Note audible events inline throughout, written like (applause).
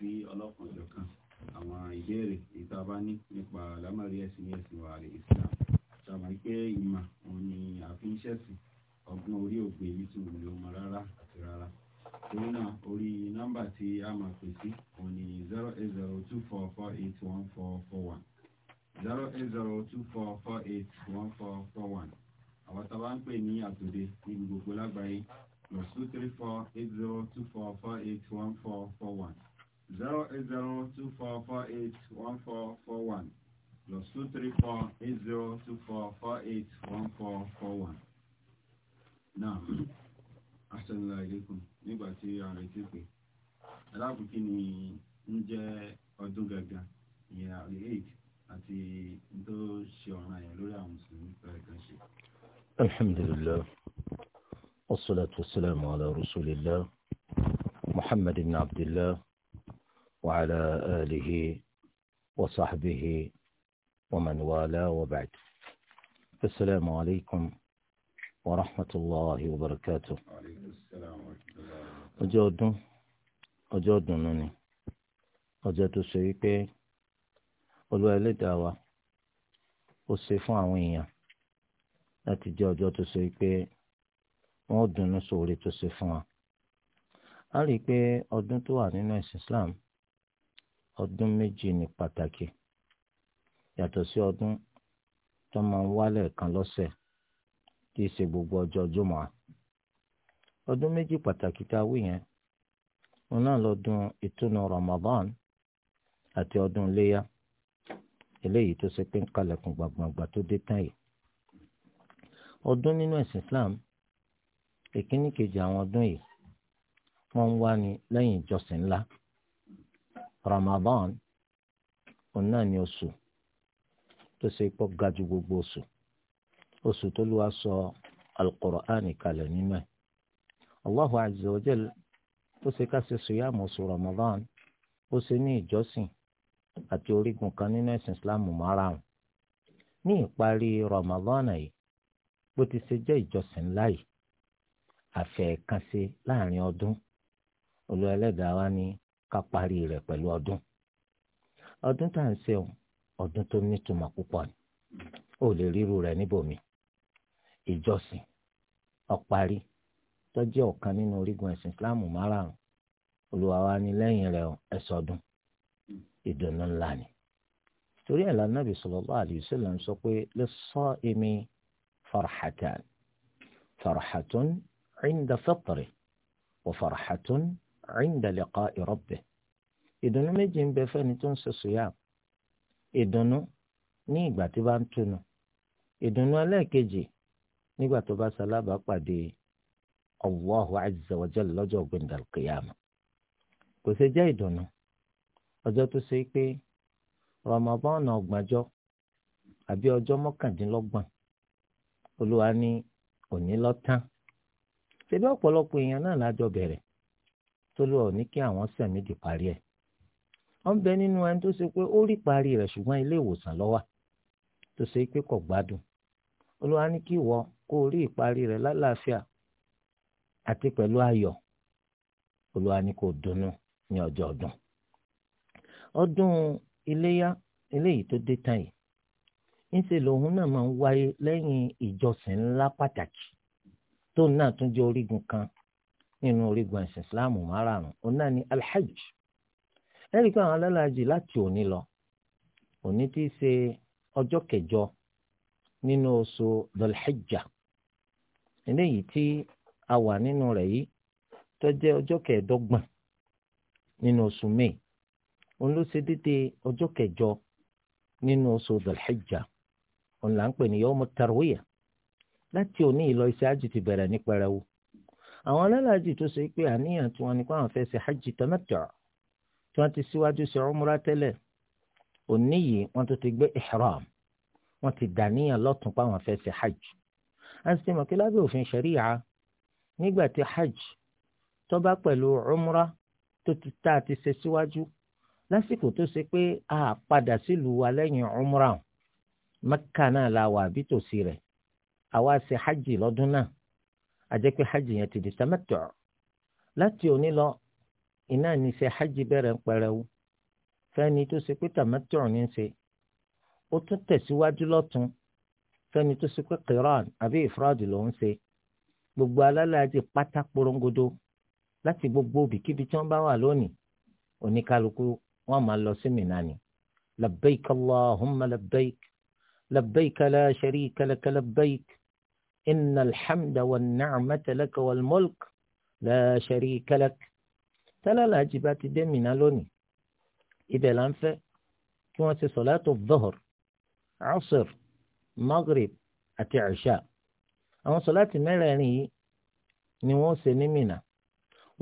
sí ọlọ́kan ọ̀jọ̀kan àwọn ìbéèrè ìta bá ní nípa àlámọ̀rí ẹ̀sìn ní ẹ̀sìn wa àlè Islam الله وعلى آله وصحبه ومن والاه وبعد السلام عليكم ورحمة الله وبركاته أجودن أجودنني أجود سيبك olùwẹ̀lẹ̀ dá wa ó ṣe fún àwọn èèyàn láti jẹ́ ọjọ́ tó ṣe a rí i pé ọdún tó wà nínú ẹ̀sìn Islam ọdún méjì ní pàtàkì yàtọ̀ sí ọdún tó máa ń wálẹ̀ kan lọ́sẹ̀ kì í ṣe gbogbo ọjọ́ jùmọ̀ ọdún méjì pàtàkì tá a wí yẹn wọn náà lọ́dún ìtúnu Ramadan àti ọdún iléyà eléyìí tó ṣe pé ń kalẹ̀kùn gbàgbàgbà tó dé tán yìí ọdún nínú ẹ̀sìn Islam èkíní kejì àwọn ọdún yìí wọ́n ń wá ní lẹ́yìn ìjọsìn ńlá Ramadan òun náà ni oṣù tó ṣe pọ̀ ga ju gbogbo oṣù oṣù tó lù wá sọ Al-Qur'an kalẹ̀ nínú ẹ̀ Allahu azza wa jal tó ṣe ká ṣe sùyàmù oṣù Ramadan ó ṣe ní ìjọsìn àti orígun kan nínú ẹ̀sìn Islam márùn ní ìparí Ramadan yìí bó ti ṣe jẹ́ ìjọsìn ńlá yìí àfẹ̀ẹ̀kan ṣe láàrin ọdún olú ẹlẹ́dàá wa ní ká parí rẹ̀ pẹ̀lú ọdún ọdún tá à ń ṣe o ọdún tó nítumọ̀ púpọ̀ ni ó lè ríru rẹ̀ níbòmí ìjọsìn ọ̀parí tó jẹ́ ọ̀kan nínú orígun ẹ̀sìn Islam márààrún olúwa wa ní lẹ́yìn rẹ̀ ẹ ṣọdún ìdùnnú ńlá ni torí ẹ̀ lánàbì sallallahu alayhi wa sallam sọ pé lis-sa'imi farhatan farhatun 'inda fitri wa farhatun inda liqa'i rabbih ìdùnnú meji ń bẹ fẹ́ni tó ń ṣe ni ìdùnnú ní ìgbà tí bá ń túnu ìdùnnú ẹlẹ́ẹ̀kejì nígbà tó bá sálábà pàdé Allahu azza wa jalla lọ́jọ́ gbẹ̀ndàl qiyama kò ṣe jẹ́ ìdùnnú ọjọ́ tó ṣe pé Ramadan ọgbàjọ́ àbí ọjọ́ mọ́kàndínlọ́gbọ̀n tó lọ ní kí àwọn sẹ̀mí di parí ẹ̀ wọ́n bẹ nínú ẹni tó ṣe pé ó rí parí rẹ̀ ṣùgbọ́n ilé ìwòsàn ló wà tó ṣe pé kò gbádùn olúwa ní kí ìwọ kó o rí ìparí rẹ̀ lálàáfíà àti pẹ̀lú ayọ̀ olúwa ní kó dunnú ní ọjọ́ ọdún ọdún iléyá eléyìí tó dé tán yìí ńṣe lòun náà máa ń wáyé lẹ́yìn ìjọsìn ńlá pàtàkì tóun náà tún jẹ́ orígun kan nínú orígun ẹ̀sìn ìsìláàmù márààrún òun náà ni alhajj ẹ̀rí pé àwọn alálàájì láti òní lọ òní tí í ṣe ọjọ́ kẹjọ nínú oṣù dalhijja eléyìí tí a wà nínú rẹ̀ yìí tó jẹ́ ọjọ́ kẹẹ̀ẹ́dọ́gbọ̀n nínú oṣù may òun ló ṣe déédéé ọjọ́ kẹjọ nínú oṣù dalhijja òun là ń pè ní yọmọ tarwiyah láti òní ìlọ iṣẹ́ àjù ti bẹ̀rẹ̀ ní pẹrẹwu àwọn alálàájì tó ṣe pé àníyàn tí wọ́n ní pé àwọn fẹ́ ṣe hajj tamattu tí wọ́n ti síwájú ṣe umra tẹ́lẹ̀ òní yìí wọ́n tó ti gbé ihram wọ́n ti dàníyàn lọ́tún pé àwọn fẹ́ ṣe hajj a sì mọ̀ pé lábẹ́ òfin ṣẹ̀ríyà nígbà tí hajj tó pẹ̀lú umra tó ti tá a ti ṣe síwájú lásìkò tó ṣe pé a padà sílùú wa lẹ́yìn umra mẹ́kà náà la wà bí tòsí rẹ̀ àwa ṣe hajj lọ́dún náà àjẹ́ pé hajj yẹn ti di tamattu láti òní lọ iná ní ṣe hajj bẹ̀rẹ̀ ń pẹrẹwu fẹ́ni tó ṣe pé tamattu ní ṣe ó tún tẹ̀síwájú lọ́tún fẹ́ni tó ṣe pé qiran àbí ifrad ló ń ṣe gbogbo alálàájì pátá porongodo láti gbogbo ibikíbi tí wọ́n bá wà lónìí oníkálukú wọ́n máa lọ sí Mínà ni labbaik allahumma labbaik labbaik la sharika laka إن الحمد والنعمة لك والملك لا شريك لك tẹ́lẹ̀lá jìbá ti dé mìíràn lónìí ibẹ̀ là ń fẹ́ kí wọ́n ti sọ̀látò dọ́hùr asr maghrib àti isha àwọn sọ̀láàtì mẹ́rẹ̀ẹ̀rin yìí ni wọ́n ṣe ní mìíràn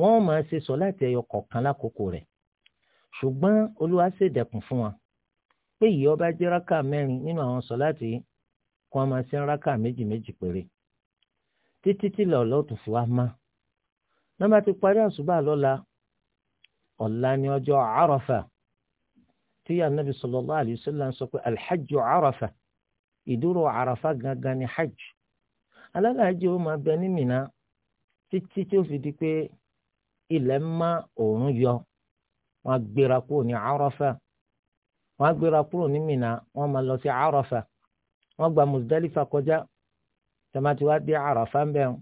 wọ́n máa ṣe sọ̀láàtì ẹyọ kọ̀ọ̀kan lákòókò rẹ̀ ṣùgbọ́n olúwa ṣèdẹ̀kùn fún wa pé ìyọ́ bá jẹ́ rákà mẹ́rin nínú àwọn sọ̀láàtì yìí kó wọ́n máa ṣe rákà méjì méjì péré títí tí lọ́lọ́ tó fi wá má nọ́mbà ti parí àṣùbà lọ́la ọ̀la ni ọjọ́ àràfà tí anabi sallallahu alayhi wa sallam sọ pé alhajju àràfà ìdúró àràfà gangan ni hajj alálàájì ó máa bẹ ní Mínà títí tí ó fi di pé ilẹ̀ má òórùn yọ wọ́n gbéra kúrò ní àràfà wọ́n gbéra kúrò ní Mínà wọ́n máa lọ sí àràfà wọ́n gba Muzdalifa kọjá tẹmati wá dé àràfà ń bẹ̀rù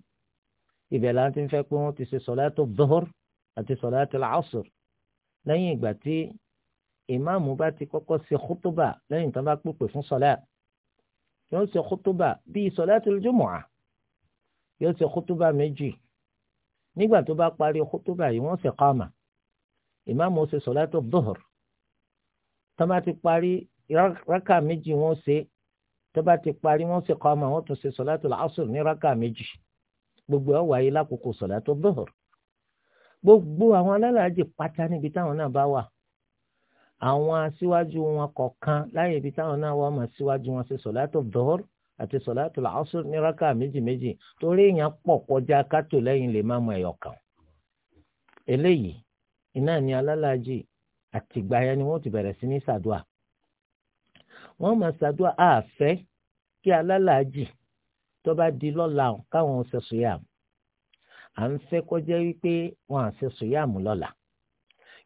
ibẹ̀ la ti ń fẹ́ pé wọ́n ti ṣe sọ̀láàtò dọ́hùr àti sọ̀láàtò làásùr lẹ́yìn ìgbà tí ìmáàmù bá ti kọ́kọ́ ṣe kútúbà lẹ́yìn tó bá pèpè fún sọ̀lá yóò ṣe kútúbà bíi sọ̀láàtò jùmọ̀à yóò ṣe kútúbà méjì nígbà tó bá parí kútúbà yìí wọ́n ṣe kọ́ọ̀mà ìmáàmù ó ṣe tó bá ti parí rákà méjì wọ́n ṣe tó bá ti parí wọ́n ṣe kọ́mọ wọ́n tún ṣe sọ̀látù làásùn ní rákà méjì gbogbo ẹ̀ wáyé lákòókò sọ̀látù bọ́ọ̀r gbogbo àwọn alálàájì pátá níbi táwọn náà bá wà àwọn aṣíwájú wọn kọ̀ọ̀kan láyé ibi táwọn náà wọ́n máa ṣíwájú wọn ṣe sọ̀látù bọ́ọ̀r àti sọ̀látù làásùn ní rákà méjì méjì torí èèyàn pọ̀ kọjá kátó lẹ́yìn lè má mọ ẹ̀yọ̀ kan wọ́n máa ṣàdúrà àfẹ́ kí alálàájì tó bá di lọ́la káwọn ṣe sùyàmù à ń fẹ́ kọjá wípé wọn à ṣe sùyàmù lọ́la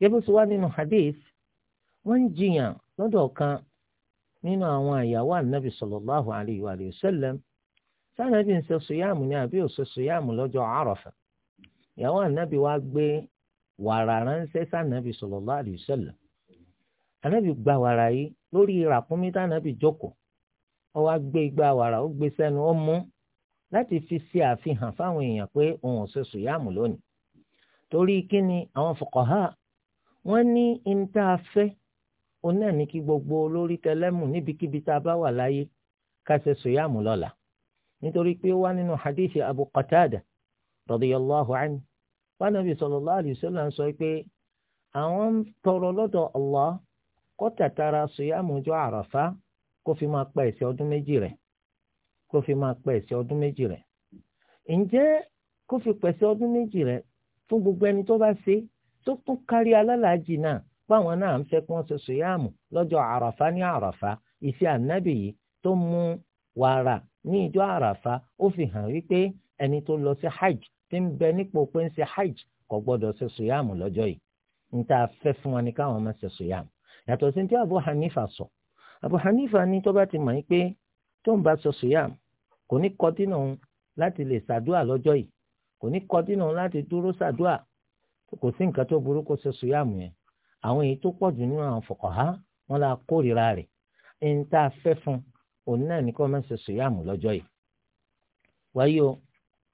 yẹ́bí sọ wá nínú hadith wọ́n ń jiyàn lọ́dọ̀ kan nínú àwọn àyàwó ànábì sallallahu alayhi wa sallam sànàbì ń ṣe sùyàmù ni àbí ò ṣe sùyàmù lọ́jọ́ Àrafà ìyàwó ànábì wa gbé wàrà ránṣẹ́ sànàbì sallallahu alayhi wa sallam ànábì gba wàrà yìí lórí ràkúnmí tànàbì jókòó ó wá gbé igbá wàrà ó gbé sẹ́nu ó mú láti fi ṣe àfihàn fáwọn èèyàn pé òun ò ṣe sùyàmù lónìí torí kí ni àwọn fọkànhá wọ́n ní níta fẹ́ òun náà ní kí gbogbo olórí tẹlẹ́mù níbikíbi tá a bá wà láyé ká ṣe sùyàmù lọ́la nítorí pé ó wá nínú hadithi abu qatada radiyallahu anhu wa nabi sallallahu alayhi wa sallam sọ pé àwọn tọrọ lọ́dọ̀ allah kó tàtàrà sùyàmù ọjọ́ àràfá kó fi máa pa ẹ̀ṣẹ̀ ọdún méjì rẹ̀ kó fi máa pa ẹ̀ṣẹ̀ ọdún méjì rẹ̀ ǹjẹ́ kó fi ọdún méjì rẹ̀ fún gbogbo ẹni tó bá ṣe tó tún kárí alálàájì náà báwọn náà ń fẹ́ kí wọ́n ṣe sùyàmù lọ́jọ́ àràfá ní àràfá ìfẹ́ ànábì yìí tó mú wàrà ní ìjọ àràfá ó fi hàn wípé lọ sí hajj ti bẹ nípò pé ń hajj kò ṣe lọ́jọ́ yìí ń fẹ́ fún wọn ni káwọn máa yàtọ̀ sí ti Abu Hanifa sọ Abu Hanifa ní tó bá ti mọ̀ pé tó ń bá sọ sùyàm kò ní kọ́ dínà òun láti lè ṣàdúà lọ́jọ́ yìí kò ní kọ́ dínà òun láti dúró ṣàdúà kò sí nǹkan tó burú kó ṣe sùyàm yẹn àwọn èyí tó pọ̀ jù nínú àwọn fuqaha wọn la kórìíra rẹ̀ ẹni tá a fẹ́ fún òun náà ní kó má ṣe sùyàm lọ́jọ́ yìí wáyé o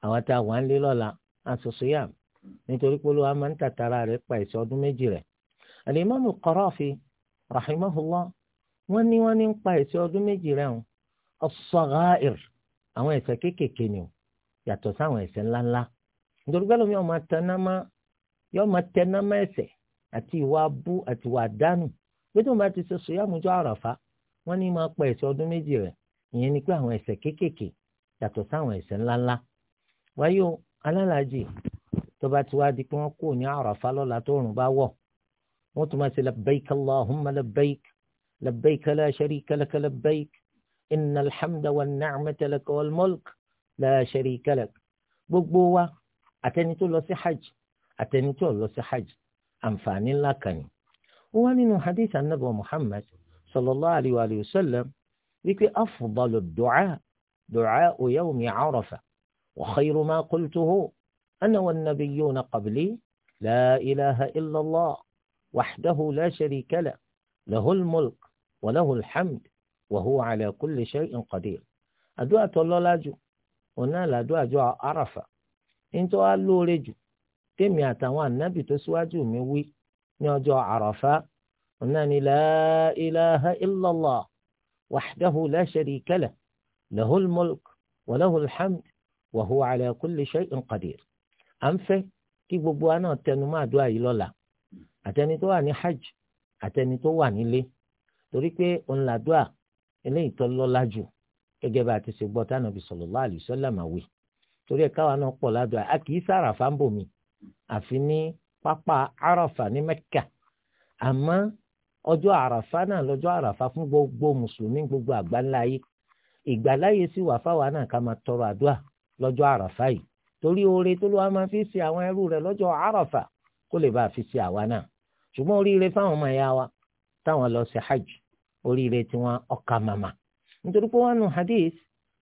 àwọn tá a wà ń lé lọ́la á ṣe sùyàm nítorí pé olúwa máa ń tàtàrà rẹ̀ pa ìṣọ́ méjì rẹ̀ al rahimahullah wọ́n ní wọ́n ní ń pa ẹ̀ṣẹ̀ ọdún méjì rẹ̀ hàn as-sagha'ir àwọn ẹ̀ṣẹ̀ kéékèèké ni o yàtọ̀ sáwọn ẹ̀ṣẹ̀ ńláńlá nítorí pé lómi ọmọ tẹnámá yóò máa tẹnámá ẹ̀ṣẹ̀ àti ìwà abú àti ìwà àdánù pé tí wọ́n bá ti ṣe sòyàmùjọ àràfá wọ́n ní máa pa ẹ̀ṣẹ̀ ọdún méjì rẹ̀ ìyẹn ni pé àwọn ẹ̀ṣẹ̀ kéékèèké yàtọ̀ sáwọn ẹ̀ṣẹ̀ ńláńlá wáyé o alálàájì tó bá ti wá di pé wọ́n kú ní àràfá lọ́la tó rùn bá wọ̀ وتماسي لبيك اللهم لبيك لبيك لا شريك لك لبيك إن الحمد والنعمة لك والملك لا شريك لك بقبوة أتني تولو حج أتني تولو حج أنفاني لكني ومن حديث النبي محمد صلى الله عليه وآله وسلم ذكر أفضل الدعاء دعاء يوم عرفة وخير ما قلته أنا والنبيون قبلي لا إله إلا الله وحده لا شريك له له الملك وله الحمد وهو على كل شيء قدير àdúrà tó lọ́lá jù òun náà làdúrà jọ àràfà nítorí wàá lóore jù tèmi àtàwọn ànábì tó síwájú mi wí ní ọjọ́ àràfà òun náà ni la ilaha illallah wahdahu la sharika lah lahul mulk wa lahul hamd wa huwa ala kulli shay'in qadir à ń fẹ́ kí gbogbo wa náà tẹnu mọ́ àdúrà yìí lọ́la. àtẹni tó wà ní hajj àtẹni tó wà nílé torí pé òun làdúà eléyìí tó lọ́lá jù gẹ́gẹ́ bá a ti ṣe gbọ́ tánà bí sallallahu alaihi wasallam wí torí ẹ̀ káwa náà pọ̀ ládùá a kì í sára fáńbò mi àfi ní pápá àràfà ní mẹ́kà àmọ́ ọjọ́ àràfà náà lọ́jọ́ àràfà fún gbogbo mùsùlùmí gbogbo àgbáńláyé ìgbàláyé sì wà fáwa náà ká máa tọrọ àdúà lọ́jọ́ àràfà yìí torí oore tó ló máa fi ṣe àwọn ẹrú rẹ̀ lọ́jọ́ àràfà kó lè bá a fi ṣe àwa náà ṣùgbọ́n oríire fáwọn ọmọ ẹ̀yà wa táwọn lọ sí hajj oríire tiwọn ọkà màmá nítorí pé wọn nu hadith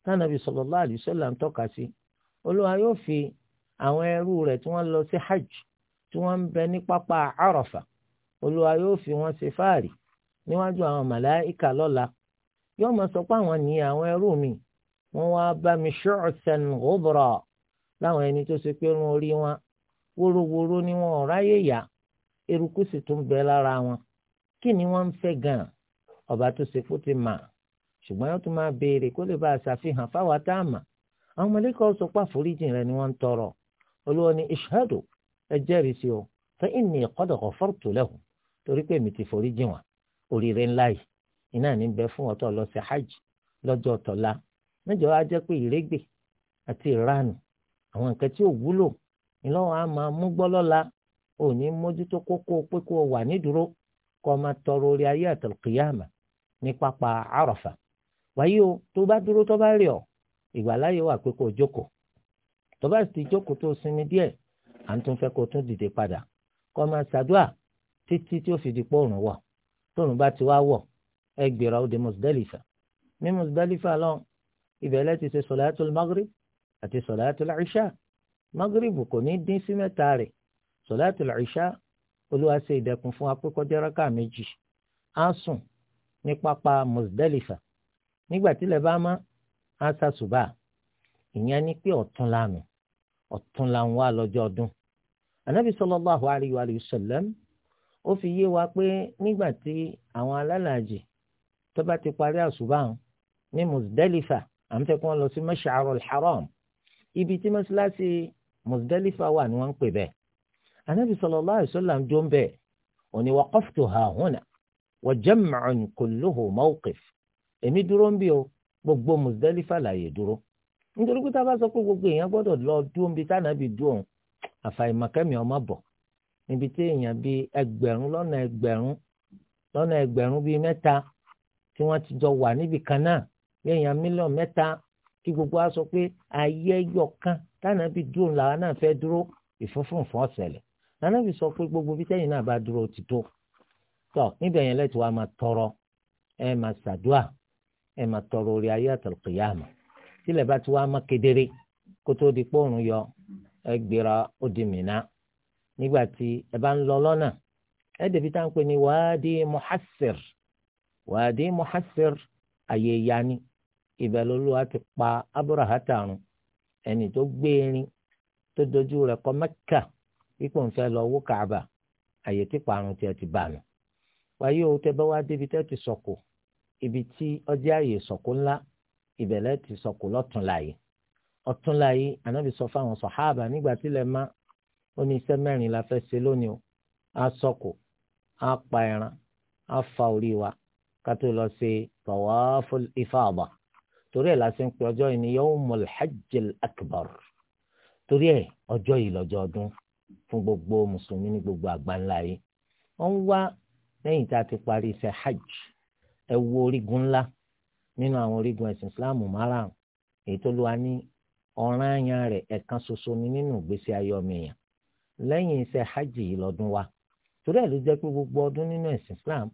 tánàbí sallallahu alaihi wasallam ń tọ́ka sí olúwa yóò fi àwọn ẹrú rẹ̀ tí wọ́n lọ sí hajj tí wọ́n ń bẹ ní pápá àròfà olúwa yóò fi wọn ṣe fáàrí níwájú àwọn màláìka lọ́la yóò máa sọ pé àwọn ní àwọn ẹrú mi wọ́n wá bá mi ṣọ́ọ̀ṣẹ́nu ọ̀bọ̀rọ̀ láwọn ẹni tó ṣe pé irun orí wọn worowóró ni wọn ò ráyè yá eruku sì tún bẹ lára wọn kí ni wọ́n ń fẹ́ gan-an ọba tó ṣe kó ti mà ṣùgbọ́n yóò tún máa béèrè kó lè bá a ṣàfihàn fáwa tá a mà àwọn mọ̀lẹ́kọ̀ọ́ sọ pé àforíjì rẹ ni wọ́n ń tọrọ olúwa ni ishadu ẹ jẹ́rìí sí o fa inni qad ghafartu lahu torí pé èmi ti foríjì wọn oríire ńlá yìí iná ní bẹ fún ọtọ lọ sí hajj lọ́jọ́ tọ̀la mẹ́jọ á jẹ́ pé ìrégbè àti ìranù àwọn nǹkan tí ò wúlò ìlọ́wọ́ a máa mú gbọ́ lọ́la ò ní mójútó kókó pé kó o wà nídúró kó o máa tọrọ orí ayé àtàlùkìyàmà ní pápá àràfà wáyé o tó bá dúró tó bá rí ọ ìgbàláyé wà pé kó o jókòó tó bá sì jókòó tó o sinmi díẹ̀ à ń tún fẹ́ kó o tún dìde padà kó o máa ṣàdúà títí tí ó fi di pòrùn wọ̀ tóòrùn bá ti wá wọ̀ ẹ gbéra ó dé Muzdalifa ní Muzdalifa lọ ibẹ̀ lẹ́ti ṣe sọ̀láàtúl àti sọ̀láàtúl ìṣá magrebu kò ní dín sí mẹ́ta rẹ̀ sọ̀láàtì làìṣá olúwa ṣe ìdẹ̀kùn fún apẹ́kọ́jẹ́ráká méjì á sùn ní pápá Muzdalifa nígbà tílẹ̀ bá mọ́ á ṣàṣùbà ìyẹn ni pé ọ̀tún lànà ọ̀tún là ń wá lọ́jọ́ ọdún anabi sallallahu alayhi wa sallam ó fi yé wa pé nígbà tí àwọn alálàájì tó bá ti parí àṣùbà ní Muzdalifa àmì tẹ́kùn lọ sí Mash'arul Haram ibi tí mọ́ṣáláṣí Muzdalifa wà ní wọ́n ń pè bẹ́ẹ̀ anabi sallallahu alaihi wasallam ń dún bẹ́ẹ̀ òní waqaftuha huna wa jam'un kulluhu mawqif èmi dúró ń bí o gbogbo Muzdalifa làyè dúró nítorí pé tá a bá sọ pé gbogbo èèyàn gbọ́dọ̀ lọ dún bí tànàbí dún àfàìmọ̀kẹ́mi ọmọ bọ̀ níbi tí èèyàn bíi ẹgbẹ̀rún lọ́nà ẹgbẹ̀rún lọ́nà ẹgbẹ̀rún bíi mẹ́ta tí wọ́n ti jọ wà níbì kan náà bí èèyàn mílíọ̀n mẹ́ta kí gbogbo wa sọ pé ayé ẹyọ kan tánàbí dúró làwa náà fẹ́ dúró ìfúnfúnfún ọ̀sẹ̀lẹ̀ tánàbí sọ pé gbogbo bí tẹ́yìn náà bá dúró ti tó tọ́ níbẹ̀ yẹn lẹ́tì wá máa tọrọ ẹ máa ṣàdúà ẹ máa tọrọ orí ayé àtàlùkìyàmù tílẹ̀ bá ti wá máa kedere kó tó di pọ́ọ̀rùn yọ ẹ gbéra ó di mìíràn nígbà tí ẹ bá ń lọ lọ́nà ẹ dẹ̀bi tá à ń pè ní wàádìí muhassir wàádìí muhassir àyè ìyá ni ìbẹ̀lú olúwa ti pa abúrahàtà run ẹni tó gbé irin tó dojú rẹ̀ kọ mẹ́kà ipò ń fẹ́ lọ wó kàbà àyè tí parun tiẹ̀ ti bà nù. wáyé o tẹ́ bá wá débi tẹ́ ti sọ̀kò ibi tí ọjọ́ àyè sọ̀kò ńlá ìbẹ̀lẹ̀ ti sọ̀kò lọ́tún láàyè ọ̀tún sọ fáwọn sọ̀háàbà nígbà tílẹ̀ má ó ní iṣẹ́ mẹ́rin la fẹ́ ṣe lónìí o á sọ̀kò á pa ẹran á fa orí wa ká tó lọ ṣe tawaful ifada torí ẹ̀ lásìkò pé ọjọ́ yìí ni yawmul hajjil akbar torí ẹ̀ ọjọ́ yìí lọ́jọ́ ọdún fún gbogbo mùsùlùmí ní gbogbo àgbáńlá yìí wọ́n ń wá lẹ́yìn tá a ti parí iṣẹ́ hajj ẹ wo orígun ńlá nínú àwọn orígun ẹ̀sìn islamu márùn-ún èyí tó lọ́wọ́ ní ọ̀ranyàn rẹ̀ ẹ̀kan ṣoṣo ni nínú ìgbésí ayé ọmọ èèyàn lẹ́yìn iṣẹ́ hajj yìí lọ́dún wa torí ẹ̀ ló jẹ́ pé gbogbo ọdún nínú ẹ̀sìn islam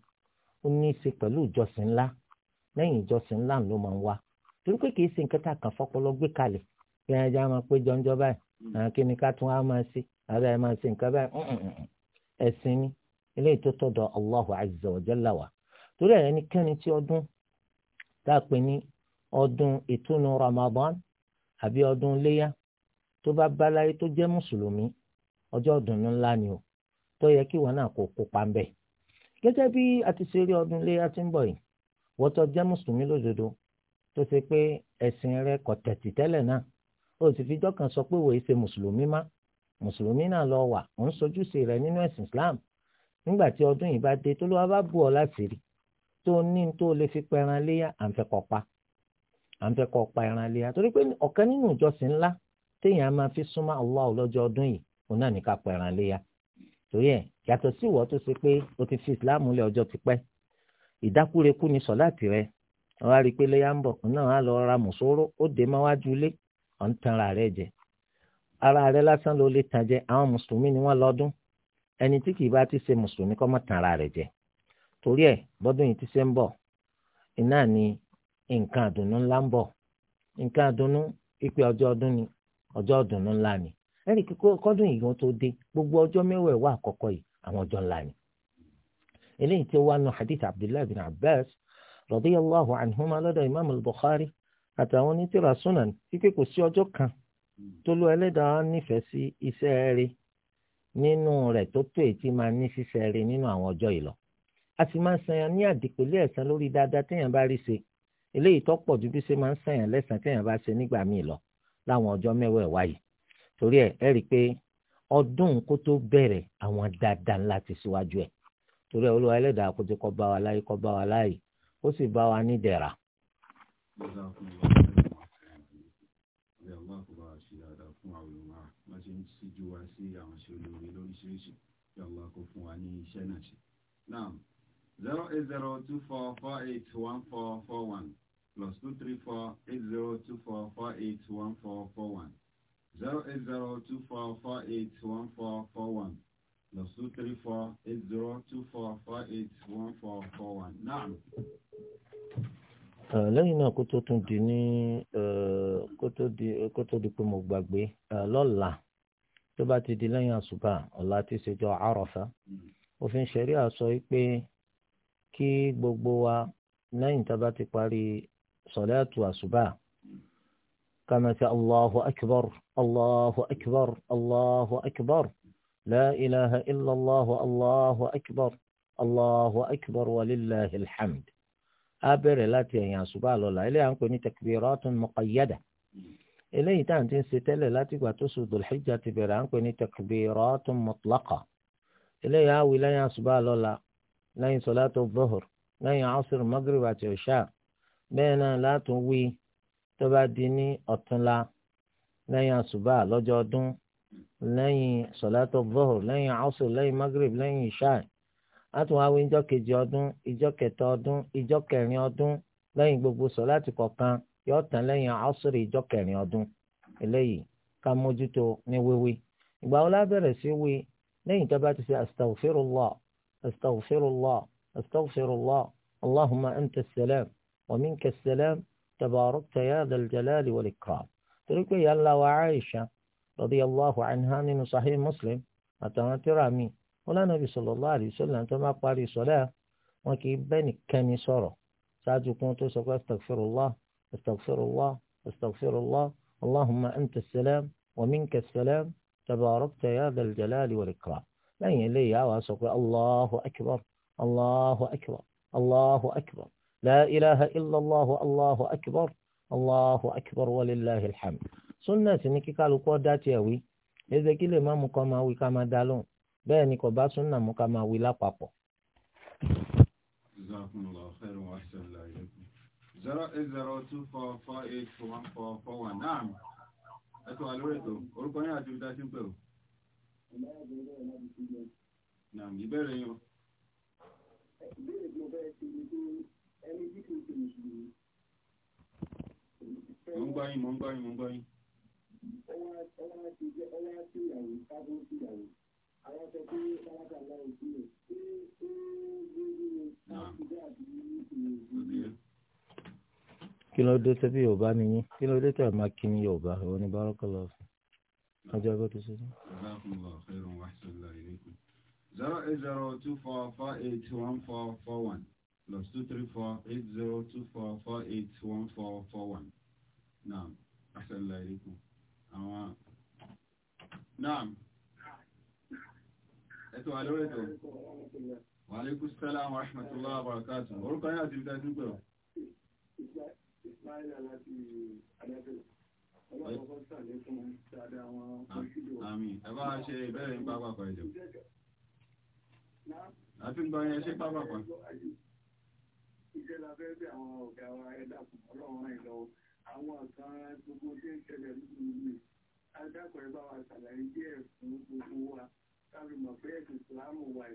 ó ní í ṣe pẹ̀lú ìjọsìn ńlá lẹ́yìn ìjọsìn ńlá ló máa ń wá torí pé kìí ṣe nǹkan tá a kàn fọpọlọ gbé kalẹ̀ kí ẹ jẹ́ àwọn pé jọ́njọ́ báyìí hmm. àwọn kí ni ká tún á máa ṣe àbẹ́ ẹ máa ṣe nǹkan báyìí hmm, hmm, Allahu azza wa jalla wa torí ẹ̀ tí ọdún tá a pè ní ọdún ìtúnu Ramadan àbí ọdún léyà tó o tó yẹ kí náà kópa gẹ́gẹ́ bí a ti ṣe rí ọdún léyà tí ń tó ṣe pé ẹ̀sìn rẹ kò tẹ̀tì tẹ́lẹ̀ náà ó sì fi jọ́kan sọ pé wòye ṣe mùsùlùmí má mùsùlùmí náà lọ wà ó ń sojúṣe rẹ nínú ẹ̀sìn Islam nígbà tí ọdún yìí bá dé tó ló wá bá bù ọ láti rí tó ní tó lè fi pẹran léyà à ń fẹ́ kó pa à ń fẹ́ kó pa ẹran léyà torí pé ọ̀kan nínú ìjọsìn ńlá téèyàn á máa fi súnmọ́ Allah lọ́jọ́ ọdún yìí òun náà ní ká pẹran léyà torí ẹ̀ yàtọ̀ sí ìwọ tó ṣe pé o ti fi Islam lé ọjọ́ tipẹ́ ìdákúrekú ni sọ rẹ wọ́n á rí i pé léyà ń bọ̀ náà á lọ ra mùsòrò ó dé mọ́wájú ilé ọ̀ ń tan ara rẹ̀ jẹ ara rẹ̀ lásán ló lè tàn jẹ àwọn mùsùlùmí ni wọ́n lọ́dún ẹni tí kìí bá ti ṣe mùsùlùmí kọ́ mọ́ tan ara rẹ̀ jẹ torí ẹ̀ bọ́dún yìí ti ṣe ń bọ̀ iná ni nǹkan àdùnnú ńlá ń bọ̀ nǹkan àdùnnú ìpè ọjọ́ ọdún ni ọjọ́ ọdùnnú ńlá ni ẹnì kíkó kọ́dún yìí wọ́n tó dé gbogbo ọjọ́ mẹ́wẹ̀ẹ́wà àkọ́kọ́ yìí àwọn ọjọ́ ńlá ni eléyìí tó wá nu hadith Abdullahi bin Abbas رضي الله lọ́dọ̀ imam al-bukhari àtàwọn onítìrà sunan wípé kò sí ọjọ́ kan tó ló ẹlẹ́dàá nífẹ̀ẹ́ sí iṣẹ́ rere nínú rẹ̀ tó tó ètí máa ní ṣiṣẹ́ rere nínú àwọn ọjọ́ yìí lọ a sì máa ń sanyàn ní àdìpẹ̀lẹ̀ ẹ̀san lórí dáadáa téèyàn bá rí ṣe eléyìí tó pọ̀ ju bí ṣe máa ń sanyàn lẹ́san téèyàn bá ṣe nígbà míì lọ láwọn ọjọ́ mẹ́wẹ̀ẹ̀wá yìí torí ẹ̀ ẹ́ rí i pé ọdún kó tó bẹ̀rẹ̀ àwọn dáadáa ńlá ti síwájú ẹ̀ torí ẹ̀ olúwa ẹlẹ́dàá kó ti kọ́ bá wa láyé kọ́ bá wa láyé ó sì bá wa nídẹ̀ra. zero eight zero two four four eight one four four one plus two three four eight zero two four four eight one four four one zero eight zero two four four eight one four four one plus two three four eight zero two four four eight one four four one now lẹ́yìn náà kó tó tún di ní kó tó di pé mo gbàgbé lọ́la tó bá ti di lẹ́yìn àṣùbà ọ̀la ti ṣèjọ àròfà òfin ṣẹ̀rí àṣọ pé kí gbogbo wa lẹ́yìn tá a bá ti parí sọ̀lẹ́tù àṣùbà kama allahu akbar allahu akbar allahu akbar la ilaha illallah allahu akbar allahu akbar wa lillahi alhamd á bẹ̀rẹ̀ láti ẹ̀yìn àṣùbà lọ́la eléyà ń pè ní takbiratun muqayyada eléyìí tá à ń ti ń ṣe tẹ́lẹ̀ láti ìgbà tó sùn dùlhíjà ti bẹ̀rẹ̀ à ń pè ní takbiratun mutlaqa eléyìí á wí lẹ́yìn àṣùbà lọ́la lẹ́yìn sọ̀látò dhuhr lẹ́yìn asr maghrib àti isha bẹ́ẹ̀ náà látún wí tó bá di ní ọ̀túnla lẹ́yìn àṣùbà lọ́jọ́ ọdún lẹ́yìn sọ̀látò dhuhr lẹ́yìn asr lẹ́yìn maghrib lẹ́yìn isha àtún wí ìjọ kejì ọdún ìjọ kẹta ọdún ìjọ kẹrin ọdún lẹ́yìn gbogbo sọ láti kọ̀ọ̀kan yóò tán lẹ́yìn àásùrì ìjọ kẹrin ọdún eléyìí ká mójútó ní wíwí ìgbà wo la bẹ̀rẹ̀ sí wí lẹ́yìn tó bá ti ṣe lọ astaghfirullah astaghfirullah astaghfirullah allahumma anta salam wa minka salam tabarakta ya dhal jalali wal torí pé yàrá ńlá wa aisha radiyallahu anha nínú sahih muslim àtàwọn tíra míì ọlànàbí sallallahu alaihi wasallam tó máa parí sọlá wọn kì í bẹ́ẹ̀ nìkan ní sọ̀rọ̀ ṣáájú kí tó sọ pé astaghfirullah astaghfirullah astaghfirullah allahumma anta salam wa minka salam tabarakta ya dhal jalali wal ikram lẹ́yìn eléyìí àwa sọ pé allahu akbar allahu akbar allahu akbar la ilaha illallah allahu akbar allahu akbar walillahi alhamd sunna sì ní kíkálukú ọ̀dá tiẹ̀ wí ẹ̀ẹ́dẹ́gí lè má mú kọ́ máa wí ká máa dá lóhùn bẹ́ẹ̀ ni kò bá súnà mú ká máa wí lápapọ̀. zero eight zero two four four eight one four four one naam ẹ tó wà lórí ètò orúkọ yín àti ìdásí ń pè ó. naam ìbéèrè yín o. ìbéèrè tí mo fẹ́ ṣe ni pé ẹni tí kò ṣe mùsùlùmí. mo ń gbọ́ yín mo ń gbọ́ yín mo ń gbọ́ yín. ọwọ́ ọwọ́ ti ìyàwó ká bó ti ìyàwó àwọn sọ pé kálákàlá òbí rẹ̀ ṣé ó lórí láti dá àbí ìpìlẹ̀ òbí rẹ̀. kí ló dé tẹ́bí yorùbá ni yín kí ló dé tẹ́ àmà kí ni yorùbá òun ni bárakàlá ọ̀sán ọjọ́ ẹgbẹ́ tó ṣe zero eight zero two four four eight one four four one plus two three four eight zero two four four eight one four four one naam asalaamualeykum àwọn naam ẹ̀tọ́ wa lórí ètò wàlékún sálà àwọn rahmatullah àbàràkàtù orúkọ yà ti dá sí pé ọ. Àmín ẹ̀bá ṣe ìbẹ̀rẹ̀ àwọn ọ̀gá wa ẹ̀dá fún ọlọ́run káfí mọ̀ pé ẹ̀sìn ìsìlámù wà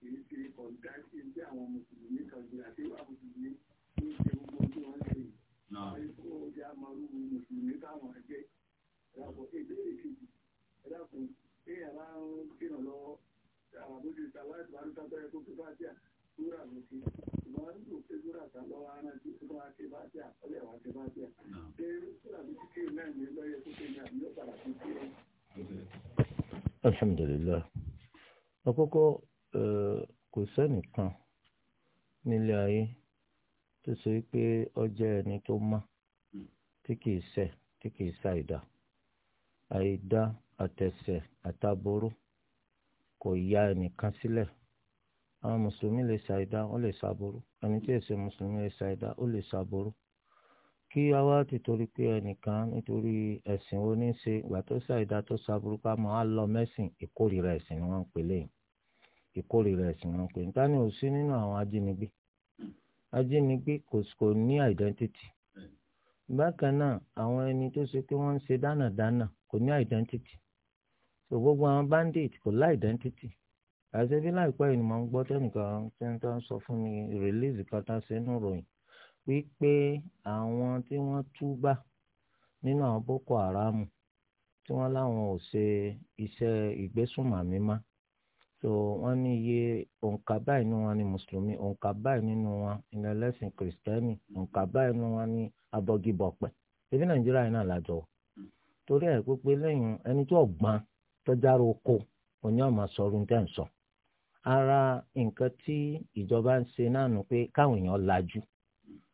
yìí kì í ṣe ọ̀dá sí ibi àwọn mùsùlùmí kan àti ìwà mùsùlùmí tó ń gbogbo tí wọ́n ṣe yìí. wọ́n kó ọjà àmọ́rú mùsùlùmí káwọn ẹgbẹ́ ẹ̀dàpọ̀ ìbéèrè kejì ẹ̀dàpọ̀ pé yàrá ń kírun lọ́wọ́ àbójú ìtàwá ìtàwá tó fi bá jà lóra lókè ìwọ́n alhamdulilayi àkọ́kọ́ kò sẹ́nìkan nílé ayé tó ṣe pé ó jẹ́ ẹni tó mọ́ tí kìí ṣẹ̀ tí kìí ṣàìdá àìdá àtẹ̀ṣẹ̀ àtàbúrú kò ya ẹnìkan sílẹ̀ àwọn mùsùlùmí lè ṣàìdá ó lè ṣàbúrú ẹni tí èsì mùsùlùmí lè ṣàìdá ó lè ṣàbúrú kí a wá ti torí pé ẹnìkan nítorí ẹ̀sìn wo ní ṣe ìgbà tó ṣàìdá tó ṣàbùrúkọ àmọ́ á lọ mẹ́sìn ìkórìíra ẹ̀sìn ni wọ́n ń pè lẹ́yìn ìkórìíra ẹ̀sìn ni wọ́n ń pè níta ni ò sí nínú àwọn ajínigbé ajínigbé kò kò ní identity bákan náà àwọn ẹni tó ṣe pé wọ́n ń ṣe dánàdánà kò ní identity so gbogbo àwọn bandit kò lá identity àṣẹ bí láìpẹ́ ìnìmọ̀ ń gbọ́ tẹ́nìkan tí wọ́n sọ fún mi release kan tá a ròyìn wípé àwọn tí wọ́n túbà nínú àwọn boko haram tí wọ́n láwọn ò ṣe iṣẹ́ ìgbésùnmàmí má so wọ́n ní iye òǹkà báyìí nínú wọn ni mùsùlùmí òǹkà báyìí nínú wọn ni ẹlẹ́sìn kìrìsìtẹ́nì òǹkà báyìí nínú wọn ni abọ́gibọ̀pẹ̀ ebi nàìjíríà yìí náà lájọ torí ẹ̀ pípé lẹ́yìn ẹni tó ọ̀gbọ́n tọ́jára oko òní ọ̀mà sọ̀rọ̀ ń tẹ̀ ara nǹkan tí ìjọba ń ṣe náà nù pé káwọn èèyàn lajú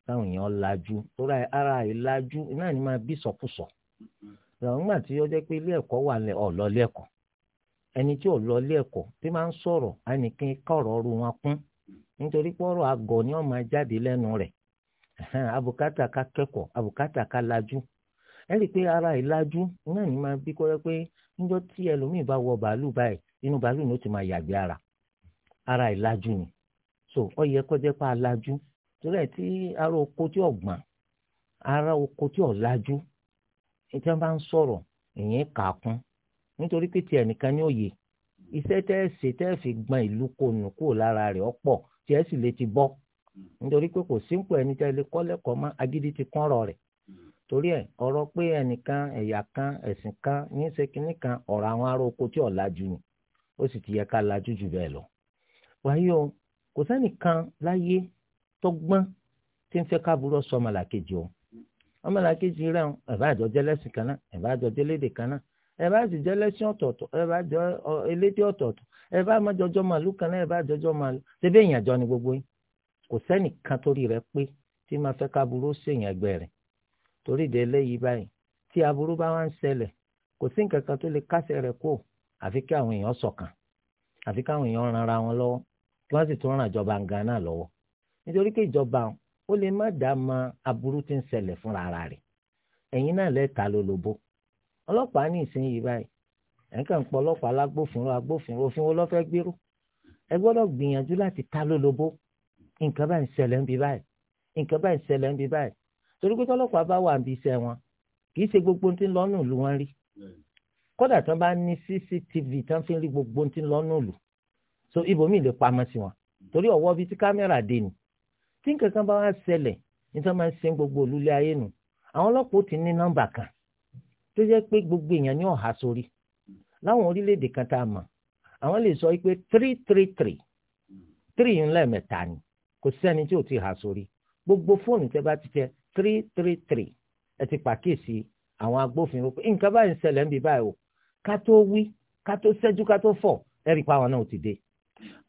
káwọn èèyàn lajú torí ara ìlajú náà ni máa bí sọkúsọ gbà tí ó jẹ́ pé ilé ẹ̀kọ́ wà lẹ̀ ọ̀ ẹ̀kọ́ ẹni tí ò ẹ̀kọ́ tí máa ń sọ̀rọ̀ kọ̀rọ̀ wọn kún ni máa jáde lẹ́nu rẹ̀ abùkátà ká kẹ́kọ̀ọ́ abùkátà ká lajú ẹ rí ara náà ni máa bí pé níjọ́ tí ẹlòmíì bá wọ bàálù báyìí inú bàálù ni ó ti máa yàgbé ara ara ni so ọ yẹ kó pa torí ẹ̀ tí ara oko tí ọ̀gbọ́n ara oko tí ọ̀làjú tí wọ́n bá ń sọ̀rọ̀ ìyẹn kà á kún nítorí pé tiẹ̀ nìkan ní òye iṣẹ́ tẹ́ ẹ ṣe tẹ́ ẹ fi gbọ́n ìlú konu kúrò lára rẹ̀ ọ̀pọ̀ tí ẹ sì lè ti bọ́ nítorí pé kò sínkù ẹni tẹ́ lè kọ́ lẹ́kọ̀ọ́ mọ́ agídí ti kán rọ̀ rẹ̀ torí ẹ̀ ọ̀rọ̀ pé ẹnìkan ẹ̀yà kan ẹ̀sìn kan ní í ṣe kínní kan ọ̀rọ̀ àwọn ará oko tí ọ̀làjú ni ó sì ti yẹ ká làjú jù bẹ́ẹ̀ lọ. wáyé o kò sẹ́nìkan láyé tó gbọ́n tí ń fẹ́ káàbúrò sọ ọmọlàkejì o ọmọlàkejì rẹ̀ ń ẹ̀bá àjọ jẹ́lẹ́sìn kan náà ẹ̀bá àjọ jẹ́lédè kan náà ẹ̀bá àti jẹ́lẹ́sìn ọ̀tọ̀ọ̀tọ̀ ẹ̀bá àjọ elédè ọ̀tọ̀ọ̀tọ̀ ẹ̀bá àmọ́jọjọ́ màlúù kan náà ẹ̀bá àjọjọ́ màlúù ṣébí èèyàn jọ ni gbogbo yín kò sẹ́nìkan torí rẹ̀ pé tí máa fẹ́ káàbúrò sèèyàn ẹgbẹ́ rẹ̀ torí ìdè eléyìí báyìí tí aburú bá wá ń ṣẹlẹ̀ kò sí nǹkan kan tó lè kásẹ̀ rẹ̀ kó àfi kí àwọn èèyàn ṣọ̀kan àfi káwọn èèyàn ran ara wọn lọ́wọ́ kí wọ́n sì tún ran ìjọba gan náà lọ́wọ́ nítorí pé ìjọba ó lè má dá mọ aburú tí ń ṣẹlẹ̀ fúnra ara rẹ̀ ẹ̀yin náà lẹ́ẹ̀ta ló lobo ọlọ́pàá ní ìsinyìí báyìí ẹ̀ ń kàn pọ̀ ọlọ́pàá lágbófinró agbófinró òfin wo lọ́fẹ́ gbérú ẹ gbọ́dọ̀ gbìyànjú láti ta ló lobo nǹkan báyìí ń ṣẹlẹ̀ ń bí báyìí nǹkan báyìí ń ṣẹlẹ̀ ń bí báyìí torí pé tọ́lọ́pàá bá wà níbi iṣẹ́ wọn kì í ṣe gbogbo tí ń lọ́nù ìlú wọn rí kódà tán bá ní cctv tán fi ń rí gbogbo tí ń lọ́nù ìlú so ibòmíì lè pamọ́ sí wọn torí ọ̀wọ́ bíi ti kámẹ́rà dé ni tí nǹkan kan bá wá ṣẹlẹ̀ ní sọ máa ń sin gbogbo olúlé ayé nù àwọn ọlọ́pàá ó ti ní nọ́mbà kan tó jẹ́ pé gbogbo èèyàn ní ọ̀hà sórí láwọn orílẹ̀-èdè kan tá a mọ̀ àwọn lè sọ pé three three three three yìí lẹ́ẹ̀mẹ́ta ni kò sẹ́ni tí ò ti hà sórí gbogbo fóònù tẹ́ bá ti tẹ three three three ẹ ti pàkíyèsí àwọn agbófinró pé nǹkan báyìí ń ṣẹlẹ̀ ń bí báyìí o ká tó wí ká tó ṣẹ́jú ká tó fọ̀ ẹ rí àwọn náà ti dé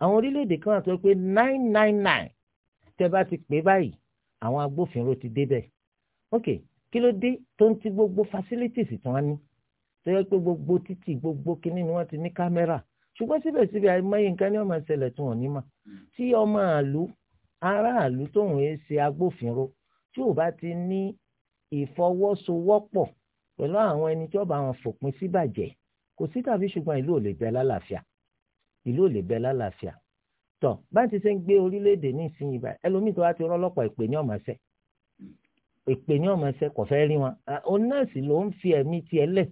àwọn orílẹ̀-èdè kan àti pé nine nine nine tẹ bá ti pè báyìí àwọn agbófinró ti débẹ̀ ok kí ló dé tó ń ti gbogbo facilities tí wọ́n ní tó yẹ pé gbogbo títì gbogbo kinní ni wọ́n ti ní kámẹ́rà ṣùgbọ́n síbẹ̀síbẹ̀ àìmọye nǹkan ní ọmọ ìṣẹ̀lẹ̀ tí wọ́n ní mà tí ọmọ àlù aráàlú tóun ẹ̀ ṣe agbófinró tí ò bá ti ní ìfọwọ́sowọ́pọ̀ pẹ̀lú àwọn ẹni tí ó bá wọn fòpin síbàjẹ́ kò sí tàbí ṣùgbọ́n ìlú ò lè bẹ lálàáfíà ìlú ò lè bẹ lálàáfíà tọ bá ti ṣe ń gbé orílẹ̀-èdè ní ìsinyìí báyìí ẹlòmíì tó wá ti rọ́lọ́pọ̀ ìpè ní ọ̀mọ̀ ẹsẹ̀ ìpè ní ọ̀mọ̀ ẹsẹ̀ kò fẹ́ rí wọn òun náà sì ló ń fi ẹ̀mí tiẹ̀ lẹ̀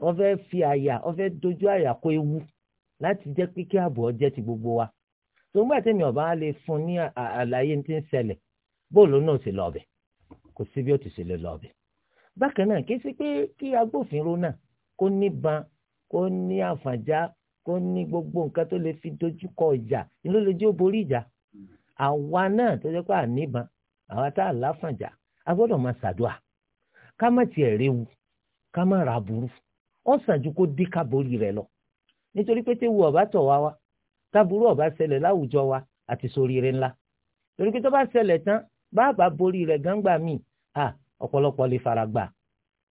wọ́n fẹ́ fi àyà wọ́n fẹ́ dojú àyà kó ewu láti jẹ́ pé kí ààbò ọjẹ́ ti gbogbo wa tó ń gbà tẹ̀mí ọ̀bá lè fún ní àlàyé tí ń ṣẹlẹ̀ bóòlù náà sì lọ ọbẹ̀ kò sí bí ó ti ṣe lè lọ ọbẹ̀ bákan náà kí sí pé kí agbófinró náà kó níbọn kó ní àfàjá kó ní gbogbo nǹkan tó lè fi dojúkọ ìjà ni ló lè jẹ́ ó borí ìjà àwa náà tó jẹ́ pé àníbàn àwa tá a láfànjà a gbọ́dọ̀ máa ṣàdúà ká má tiẹ̀ réwu ká má ra burú ó sàn ju kó dí ká borí rẹ̀ lọ nítorí pé téwu ọ̀bá tọ̀ wá wá táburú ọ̀bá ṣẹlẹ̀ láwùjọ wa àti soríire ńlá torí pé tó bá ṣẹlẹ̀ tán bàbá borí rẹ̀ gángbà míì à ọ̀pọ̀lọpọ̀ lè fara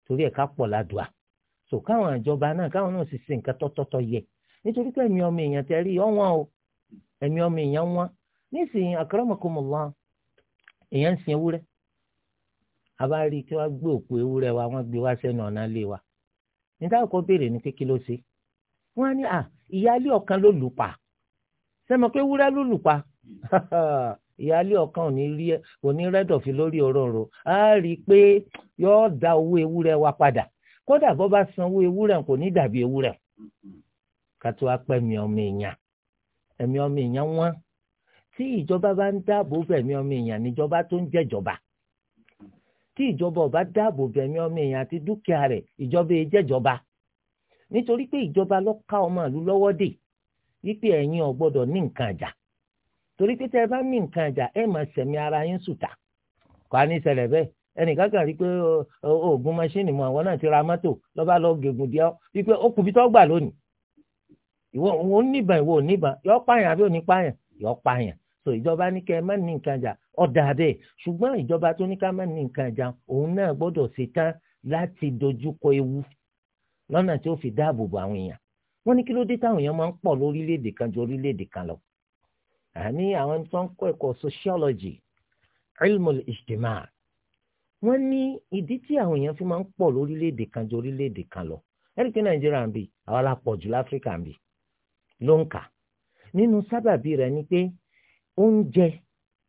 torí ẹ̀ ká pọ̀ ládùá so káwọn ìjọba náà káwọn náà sì ṣe nǹkan tọ́tọ́tọ́ yẹ nítorí pé ẹ̀mí ọmọ èèyàn tẹ̀rí ọ̀wọ́n o ẹ̀mí ọmọ èèyàn wọ́n nísìnyí akramakumullah èèyàn ń sin ewúrẹ́ a bá rí i kí wọ́n gbé òkú ewúrẹ́ wa wọ́n gbé wá sẹ́nu ọ̀nà ilé wa níta kọ́ béèrè ní pé kí ló ṣe wọ́n á ní à ìyáálé ọ̀kan ló lù pa sẹ́mi pé ewúrẹ́ ló lù pa (laughs) ìyáálé ọ̀kan ò ní rí ò ní rẹ́dọ̀ fi lórí òróǹro á rí i pé yọ́ọ́ da owó ewúrẹ́ wa padà kódà bọ́ bá san owó ewúrẹ́ kò ní dàbí ewúrẹ́ kátó apẹ̀mí ọmọ èèyàn ẹ̀mí ọmọ èèyàn wọ́n tí ìjọba bá ń dáàbò bẹ̀mí ọmọ èèyàn níjọba tó ń jẹ̀jọba tí ìjọba ò bá dáàbò bẹ̀mí ọmọ èèyàn àti dúkìá rẹ̀ ìjọba èè jẹ̀jọba nítorí pé ìjọba ló ká ọmọ ìlú lọ́wọ́ dè wípé ẹ̀yin ò gbọ́dọ̀ ní nǹkan àjà torí pé tẹ́ ẹ bá ní nǹkan àjà ẹ máa sẹ̀mí ara yín sùtà kò á ní ṣẹlẹ̀ bẹ́ẹ̀ ẹnìkan kan rí i pé oògùn máṣíìnì mu àwọn náà ti ra mọ́tò lọ́ba lọ́ọ́ gègùn díẹ̀ wípé ó kùbí gbà lónìí ìwọ òun níbà ìwọ ò níbà yọ pààyàn àbí òní pààyàn yọ pààyàn so ìjọba ní kẹ má ní nǹkan jà ọ̀dà bẹ́ẹ̀ ṣùgbọ́n ìjọba tó ní ká má ní nǹkan jà òun náà gbọ́dọ̀ ṣetán láti dojúkọ ewu lọ́nà tí ó fi dáàbò bo àwọn èèyàn wọ́n ní kí ló dé táwọn èèyàn máa ń pọ̀ lórílẹ̀‐èdè kan ju orílẹ̀‐èdè kan lọ àní àwọn tó ń kọ́ ẹ̀kọ́ sociology ilmul ijtima wọ́n ní ìdí tí àwọn èèyàn fi máa ń pọ̀ lórílẹ̀ kan ju orílẹ̀ kan lọ ẹ̀rí nàìjíríà ń bì àwọn alápọ̀jù láfíríkà ń bì ló ń kà nínú sábàbí rẹ̀ ni pé oúnjẹ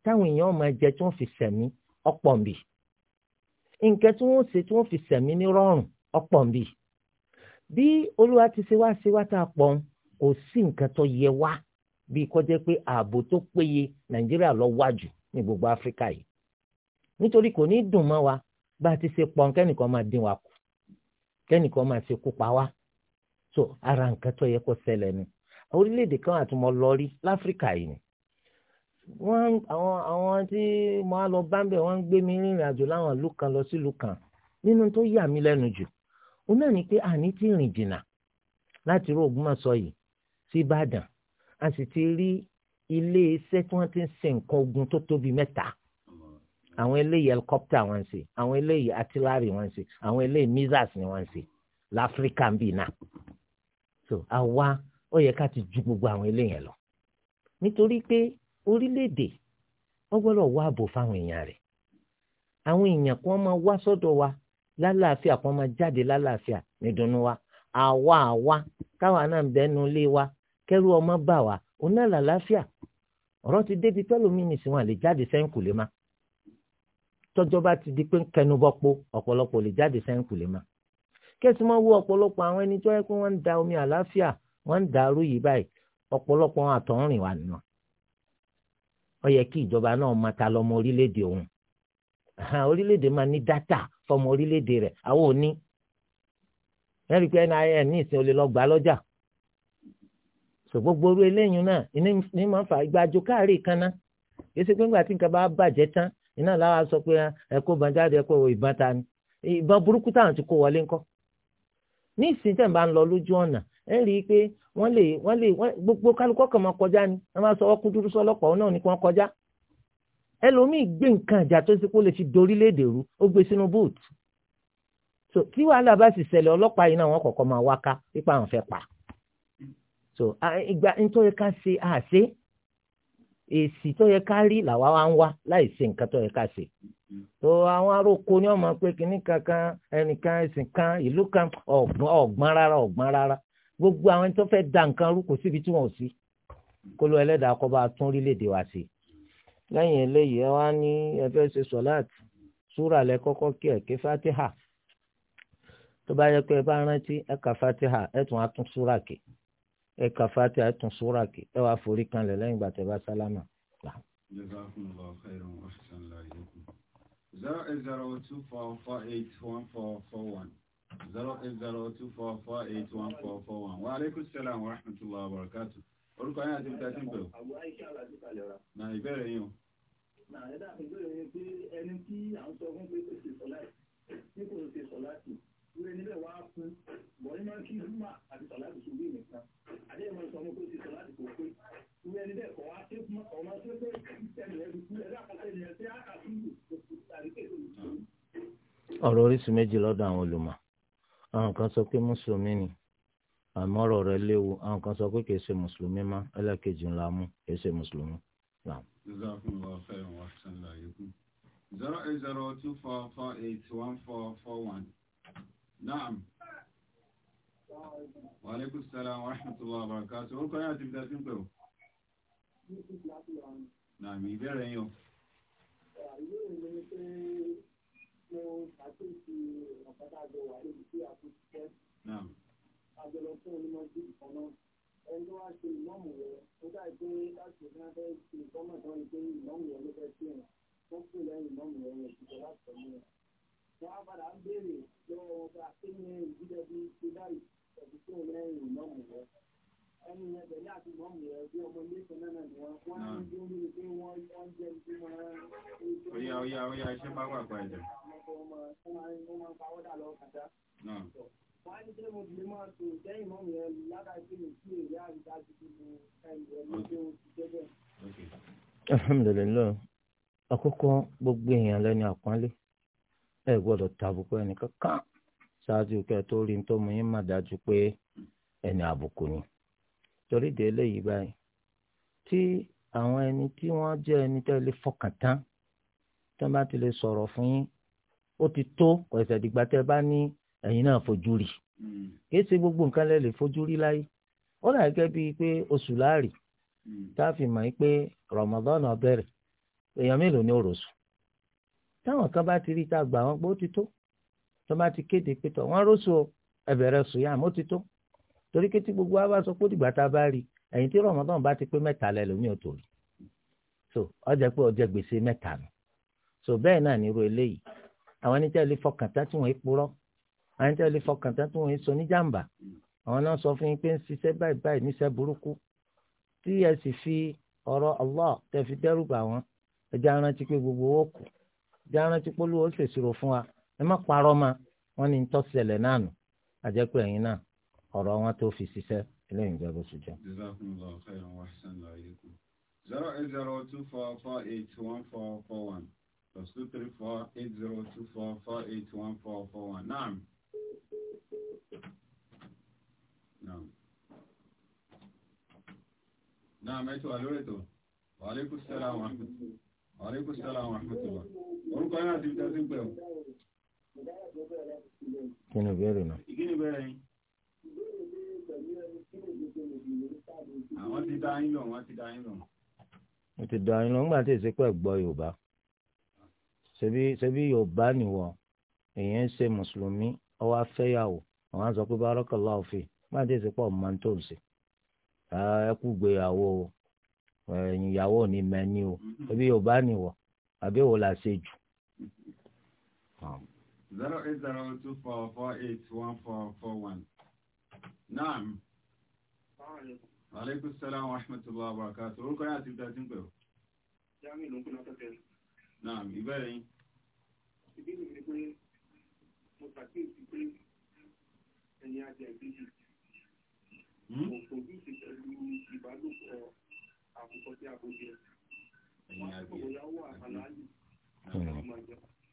táwọn èèyàn máa jẹ tí wọ́n fi sẹ̀mí ọ̀pọ̀ nbì nǹkan tí wọ́n ṣe tí wọ́n fi sẹ̀mí ní rọrùn ọ̀pọ̀ nbì bí olúwa ti ṣe wá ṣe wá tá a pọ̀ kò sí nǹkan tó yẹ wá bí kò jẹ́ pé ààbò tó péye nàìjíríà lọ wájú ní gbogbo áfíríkà yìí nítorí kò ní dùn mọ́ wa bá a ti ṣe pọ̀ kẹ́nìkan máa dín wa kù kẹ́nìkan máa ṣe kú pa so ara nǹkan tó yẹ kó ṣẹlẹ̀ ni orílẹ̀-èdè kan àti mo lọ rí láfíríkà yìí ni wọ́n àwọn àwọn tí mo á lọ bá ń bẹ̀ wọ́n ń gbé mi rìnrìn àjò láwọn ìlú kan lọ sílùú kan nínú tó yà mí lẹ́nu jù òun náà ni pé àní ti rìn jìnnà láti rú Ògbómọ̀ṣọ́ yìí sí Ìbàdàn a sì ti rí ilé iṣẹ́ tí wọ́n ti ń ṣe nǹkan ogun tó tóbi mẹ́ta àwọn eléyìí helicopter wọ́n ń ṣe àwọn eléyìí artillery wọ́n ń ṣe àwọn eléyìí missiles ni wọ́n ń ṣe láfíríkà ń bì náà so àwa ó yẹ ká ti ju gbogbo àwọn eléyẹn lọ nítorí pé orílẹ̀-èdè wọ́n gbọ́dọ̀ wá ààbò fáwọn èèyàn rẹ̀ àwọn èèyàn kan máa wá sọ́dọ̀ wa lálàáfíà kan máa jáde lálàáfíà nídùnnú wa àwa àwa káwa náà bẹnu ilé wa kẹrù ọmọ bá wa òun náà làlàáfíà ọ̀rọ̀ ti débi pẹ́lúmi nìsí wọn lè jáde sẹ́ńkùlé má tọ́jọ́ bá ti di pé ń kẹnu bọ́ po ọ̀pọ̀lọpọ̀ lè jáde sẹ́ńkùlé má kẹ́sì máa wo ọ̀pọ̀lọpọ̀ àwọn ẹni tó yẹ kí wọ́n ń da omi àlàáfíà wọ́n ń dàrú yìí báyìí ọ̀pọ̀lọpọ̀ àtọ̀húnrìn wà nínú ó yẹ kí ìjọba náà máa ta lọ́mọ orílẹ̀-èdè òun orílẹ̀-èdè máa ní dátà fọmọ orílẹ̀-èdè rẹ̀ àwọn ò ní ẹ̀rí pé nin ní ìsìn olè lọ́gbàá lọ́jà sògbógbó orú eléyìí náà ní máa fà gbàjọ káàrí kaná èsì pé ńgbà tí nǹkan bá bàjẹ́ tán iná làwọn á sọ pé ẹ kó ban jáde ẹ kó ìbọn ta ni ìbọn burúkú táwọn ti kó wọlé ńkọ́ ní ìsìn tẹ̀ ń bá ń lọ lójú ọ̀nà ẹ rí i pé wọ́n lè wọ́n lè gbogbo kálukọ́ kan máa kọjá ni wọ́n máa sọ ọkú dúdú sọlọ́pàá òun náà ni wọ́n kọjá ẹlòmíì gbé nǹkan ìjà tó ti kó lè fi dorílẹ̀-èdè rú ó gbé sínú bóòtù so tí wàhálà bá sì ṣẹlẹ̀ ọlọ́pàá yìí náà wọ́n kọ́kọ́ máa wá ká pípa àwọn fẹ́ pa so ìgbà tó yẹ ká ṣe àṣe èsì tó yẹ ká rí làwa wá ń wá láì ṣe nǹkan tó yẹ ká ṣe so àwọn aróko ni wọ́n máa pé kínní kankan ẹnìkan ẹ̀sìn kan ìlú kan ọ̀gbọ́n rárá ọ̀gbọ́n rárá gbogbo àwọn tó fẹ́ da nǹkan rú kò síbi tí wọ́n ò sí kó ló ẹlẹ́dàá kọ́ bá a tún orílẹ̀-èdè wa sí. lẹ́yìn eléyìí ẹ wá ní ẹ fẹ́ ṣe sọ̀láàtì súrà lẹ kọ́kọ́ kí ẹ ké fatiha tó bá yẹ pé ẹ bá rántí ẹ kà fatiha ẹ tún á tún súrà ké ẹ kà fatiha ẹ tún súrà ké ẹ wá forí kanlẹ̀ lẹ́yìn ìgbà tẹ bá sálámà. zero eight zero two four four eight one four four one. 08024481441 wa aleykum salaam wa rahmatullahi wa barakatuh orúkọ yẹn àti ìta sí ń pẹ̀lú. àwọn kalẹ̀ na ìbéèrè yín o. na ẹ̀dá àpèjọ́rò yẹn pé ẹni tí à ń sọ fún pé kò ṣe kò ṣe níbẹ̀ wá bọ̀ ní máa kí àwọn kan sọ pé mùsùlùmí ni àmọ́ ọ̀rọ̀ rẹ̀ léwu àwọn kan sọ pé kìí ṣe mùsùlùmí mọ́ ẹlẹ́kejì ńlá mú kìí ṣe mùsùlùmí. zero eight zero two four four eight one four four one naam waaleykum salaam wa rahmatulah wa barakatuh orúkọ yóò ti fi dá sí naam ìbéèrè yín o mo ṣàkíyèsí ìwọ̀n kan dájọ wà níbi tí a ti ṣiṣẹ́. àjọ lọ fún onímọ̀jú ìkan náà ẹni tó wá ṣe ìmọ̀mù rẹ̀ ó dàbí pé láti ìgbà fẹ́ ṣe ìkọ́mọ̀ tán ni pé ìmọ̀mù rẹ̀ ló fẹ́ sí ẹ̀rọ tó kù lẹ́yìn ìmọ̀mù rẹ̀ rẹ̀ ṣùgbọ́n láti tẹ̀lé rẹ̀. wọ́n á padà ń béèrè lọ́wọ́ wọn pé àkéyìn ìdílé bíi ṣe báyìí ẹ̀sìn tó lẹ́yìn ìmọ̀mù rẹ̀ ẹni yẹn tẹ̀lé àti mọ́mù yẹn bí ọmọ ilé ìfẹ́ náà ni wọ́n wọ́n ń dún níbi pé wọ́n wọ́n jẹ́ ibi tí wọ́n. Oya oya oya iṣẹ́ bá wà pa ẹ̀jẹ̀. Wọ́n máa pa ọ́dà lọ kàdá. Hmm. Wọ́n á ní ṣé mo lè máa tò sẹ́yìn mọ́mù yẹn lára ìpín mi sí èrè àrídá títí mu ẹ̀yìn rẹ̀ gbogbo èèyàn lẹ́ni àpọ́nlé ẹ gbọ́dọ̀ tàbùkù ẹnì kankan ṣáájú kẹ́ tó rí ní tó yín má dájú pé ẹni àbùkù ni torí de eléyìí báyìí tí àwọn ẹni tí wọ́n jẹ́ ẹni tẹ́ lè fọkàn tán tí wọ́n bá ti lè sọ̀rọ̀ fún yín ó ti tó ọ̀sẹ̀ dìgbà tẹ́ bá ní ẹ̀yin náà fojú rí hmm. kìí ṣe gbogbo nǹkan lẹ́ lè fojú rí láyé ó dà gẹ́gẹ́ bíi pé oṣù láàrì hmm. tá a fi mọ̀ pé Ramadan bẹ̀rẹ̀ èèyàn mélòó ni ó rò sùn táwọn kan bá ti rí tá a gbà wọn pé ó ti tó tó bá ti kéde pé tọ̀ wọ́n rò sùn ẹ̀bẹ̀rẹ̀ sùn yá àmọ́ ti tó torí pé tí gbogbo wa bá sọ pé dìgbà tá a bá rí ẹ̀yìn tí rọmọdán bá ti pé mẹ́ta lẹ lómi ò rí so ọjà pé ọjà gbèsè mẹ́ta nù so bẹ́ẹ̀ náà ní irú eléyìí àwọn ẹni tẹ́lẹ̀ fọkàn tán tí wọ́n ń purọ́ àwọn ẹni tẹ́lẹ̀ fọkàn tán tí wọ́n ń sọ níjàmbá àwọn náà sọ fún yín pé ń ṣiṣẹ́ báyìí báyìí níṣẹ́ burúkú tí ẹ sì fi ọ̀rọ̀ Allah tẹ́ fi dẹ́rùbà wọn ẹja rántí pé gbogbo owó kù ẹja rántí pé olúwo ṣèṣirò fún ọ̀rọ̀ wọn tó fi ṣiṣẹ́ eléyìí jẹ́ bó ṣe jẹ́. zero eight zero two four four eight one four four one plus two three four eight zero two four four eight one four four one naam. naam. naam ẹ tó wà lórí ètò wàhálẹ́kùn sẹ́lá àwọn àkùtù aleykum salaam wa rahmatulah orúkọ yín àti ìtẹ́sí pẹ̀lú. kí ni ìbéèrè náà. kí ni ìbéèrè yín àwọn ti dá yín lọ wọ́n ti dá yín lọ. wọ́n ti dá yín lọ nígbà tí èsì pẹ̀ gbọ́ yorùbá ṣebí ṣebí yorùbá nìwọ èèyàn ń ṣe mùsùlùmí ọwọ́ afẹ́yàwó àwọn á sọ pé barakallahu fi nígbà tí èsì pọ̀ máa ń tó ṣe ẹ kú gbéyàwó ìyàwó ni mẹ́ni o ṣebí yorùbá nìwọ àbí wo la ṣe jù. zero eight zero two four four eight one four four one. Naam. Aleykum salaam wa rahmatullahi wa barakatuh. Orúkọ yá àti ìdá tí pẹ̀lú. Jami ló ń kún látọ̀tẹ̀. Naam, ìbéèrè yín. Ìbéèrè ni pé mo ṣàkíyèsí pé ẹni ajá ìbéèrè. Mo hmm? kò bí ṣe pẹ̀lú ìbálòpọ̀ àkókò tí a kò jẹ. Wọ́n á sọ̀rọ̀ yàwó àlàyé.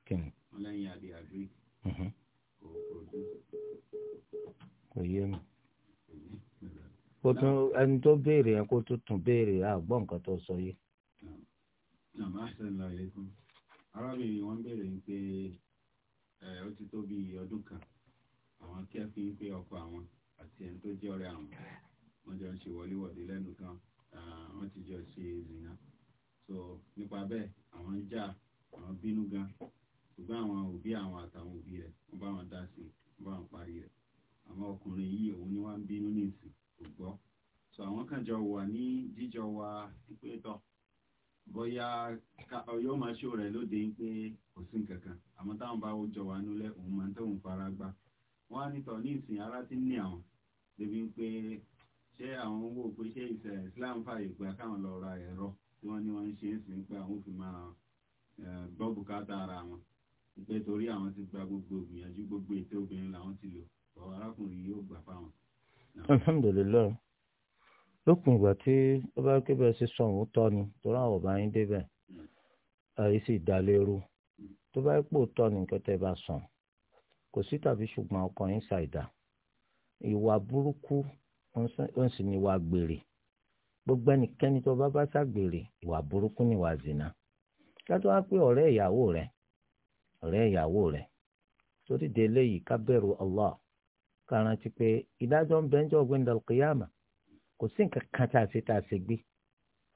Kẹ́hìn. Wọ́n àbí àgbé. Mm-hmm. kò yé mi kó tún ẹni tó béèrè yẹn kó tún tún béèrè àgbọ̀ nǹkan tó sọ yìí. arábìnrin wọn béèrè pé ó ti tó bíi ọdún kan àwọn kẹ́fín pé ọkọ àwọn àti ẹni tó jẹ́ ọ̀rẹ́ àwọn wọ́n jọ ń ṣe wọléwọ̀de lẹ́nu kan ti jọ ṣe so nípa bẹ́ẹ̀ àwọn ń jà àwọn bínú gan ṣùgbọ́n àwọn òbí àwọn àtàwọn òbí bá wọn dá sí àwọn ọkùnrin yìí òun ni wọ́n ń bínú nísìn kò gbọ́ so àwọn kan jọ wà ní jíjọ wa pípé tọ̀ bóyá yóò máa ṣó rẹ̀ lóde pé kò sí nǹkan kan àmọ́ táwọn bá jọ wà nílẹ̀ òun máa ń tóun fara gbá wọ́n á nítọ̀ ní ìsìn ara ti ń ní àwọn débi pé ṣé àwọn wò pé ṣé ìṣẹ̀ Islam fààyè gba káwọn lọ ra ẹ̀rọ tí wọ́n ní wọ́n ń ṣe é sí pé àwọn òfin máa gbọ́ bùkátà ara wọn pé torí àwọn ti gba gbogbo ìgbìyànjú gbogbo ètò obìnrin làwọn ti lò arákùnrin yóò alhamdulilayi ìgbà tí ó bá ké bẹ́ẹ̀ sọ òun tọ́ ni torí àwọn ọba yín débẹ̀ àyè hmm. sì dá lérú hmm. tó bá pò tọ́ ni nǹkan bá sàn kò sí tàbí ṣùgbọ́n ọkọ yín ṣàìdá ìwà burúkú ó sì ní gbèrè gbogbo ẹnikẹ́ni tó bá bá ṣàgbèrè ìwà burúkú ni zina kátó wá pé ọ̀rẹ́ ìyàwó rẹ ọ̀rẹ́ ìyàwó torí de eléyìí ká Allah karanti pé ìdájọ́ ń bẹ ń jọ gbẹ̀ndà kìyàmà kò sí nǹkan kan tá a ṣe tá a ṣe gbé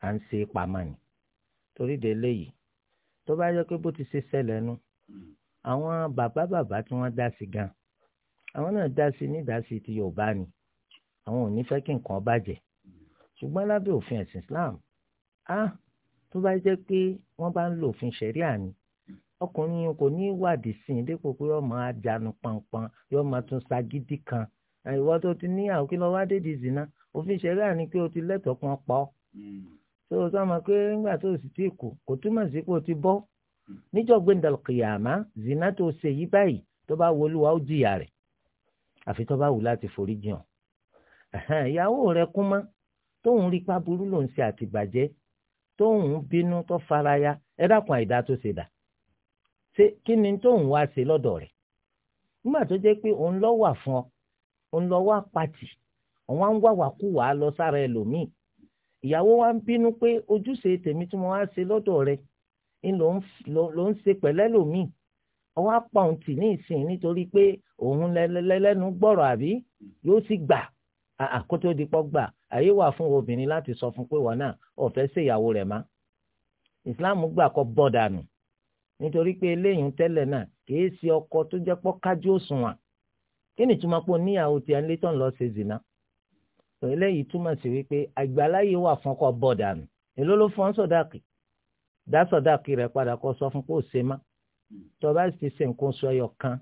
à ń ṣe pamọ́ ni torí de eléyìí tó bá yẹ pé bó ti ṣe ṣẹlẹ̀ nu àwọn bàbá bàbá tí wọ́n dá sí gan àwọn náà dá sí nídásí ti Yorùbá ni àwọn ò ní fẹ́ kí nǹkan bàjẹ́ ṣùgbọ́n lábẹ́ òfin ẹ̀sìn Islam á ah, tó bá jẹ́ pé wọ́n bá ń lo òfin ṣẹ̀ríà ni ọkùnrin yẹn kò ní wádìí sí i dípò pé ọmọ ajanu pọnpọn yóò máa tún ṣagídí kan ìwọ tó ti níyàwó kí lọ wá dédìí zina òfin ṣẹlẹ̀ ni pé o ti lẹ́tọ̀ọ́ kan pọ tó hmm. o sọmọ pé nígbà tó o sì ti kù kò túmọ̀ sí pé o ti bọ́ níjọ́ gbẹ̀ndàlùkìyàmá zina tó o ṣe yí báyìí tó bá wo olúwa ó jìyà rẹ̀ àfi tó bá wù láti forí jìn ìyàwó rẹ̀ kú mọ́ tóun rí pa burú lòun ṣe àtìbàjẹ́ tóun bínú tó faraya ẹ dákun àìdá tó ṣe dà ṣé kí ni tó ń wá ṣe lọ́dọ̀ rẹ̀ nígbà tó jẹ́ pé òun lọ́ wà fún ọ òun lọ́ wà pàtì òun á ń wàwà kú wàá lọ sára ẹlòmíì ìyàwó wa ń bínú pé ojúṣe tèmi tí mo wá ṣe lọ́dọ̀ rẹ̀ ń ló ń ṣe pẹ̀lẹ́ lòmíì ọwọ́ apá òun tì ní ìsìn nítorí pé òun lẹ́lẹ́nu gbọ́rọ̀ àbí yóò sì gbà àkótó dipọ́ gbà àyè wà fún obìnrin láti sọ fún pé wọn náà ọ̀fẹ́ ṣèyàwó rẹ̀ má ìsìláàmù gbà kọ́ bọ́ dànù nítorí pé eléyìí tẹ́lẹ̀ náà kìí ṣe ọkọ tó jẹ́ pọ́ kájú òṣùwọ̀n kí ni túmọ̀ pé níyàwó tí a ń létọ̀ lọ ṣe zìnà tó eléyìí túmọ̀ sí wípé àgbàláyé wà fún ọkọ bọ̀ dànù èló ló fọ́n sọ̀dáàkì dá sọ̀dáàkì rẹ̀ padà kọ́ sọ fún kó o ṣe má tó bá ti ṣe nǹkan oṣù ẹyọ kan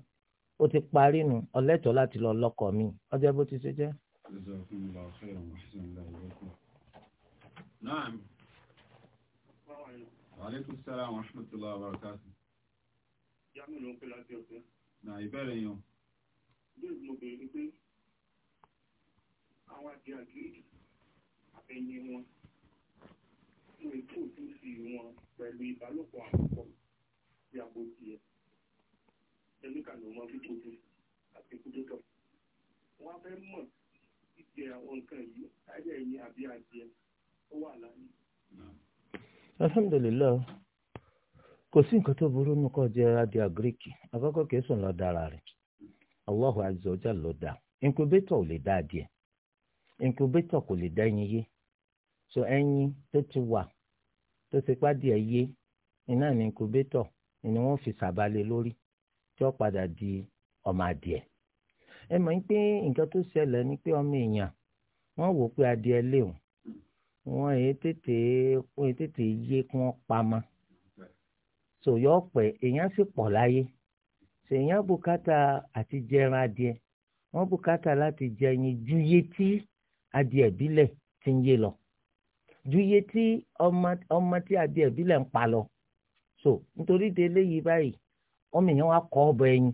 ó ti parí nu ọlẹ́tọ̀ọ́ láti lọ lọ́kọ mi ọjọ́ bó ti ṣe jẹ́. Wa alaykum salaam wa rahmatullahi wa barakatuh yàmù ló láti ọ̀sẹ̀. nà ìbéèrè yàn. yóò mo bèrè ni pé àwọn àti àgíríkì àtẹ̀yìn wọn fún ètò òtúnṣì wọn pẹ̀lú ìbálòpọ̀ àkọ́kọ́ sí àbòsí ẹ̀ ẹ̀míkà ló máa fi kojú àti kúdótọ̀. wọ́n á fẹ́ mọ̀ ìjẹ àwọn nǹkan yìí ayé ẹ̀yìn àbí àjẹ ó wà láàyè. alhamdulillah kò sí nǹkan tó burú nù kọ́ jẹ́ adìẹ gíríkì àkọ́kọ́ kìí sùn lọ́ọ́ dára rẹ̀ Allahu azza wa jalla ló dá incubator ò lè dá adìẹ incubator kò lè dá ẹyin yé so ẹyin tó ti wà tó ti pàdé yé iná ní incubator ni wọ́n fi sàbálẹ̀ lórí tí wọ́n padà di ọmọ adìẹ ẹ mọ̀ pé nǹkan tó ṣẹlẹ̀ ni pé ọmọ èèyàn wọ́n wò pé adìẹ léwu wọ́n èyí tètè yé kí wọ́n pa mọ́ so yọ pẹ èèyàn sì pọ̀ láyé so èèyàn bùkátà àti jẹran adìẹ wọn bùkátà láti jẹyin ju iye tí adìẹ bílẹ̀ ti ń yé lọ ju iye tí ọmọ tí adìẹ bílẹ̀ ń pa lọ so nítorí délé yìí báyìí ọmọ èèyàn wa kọ ọbọ ẹyin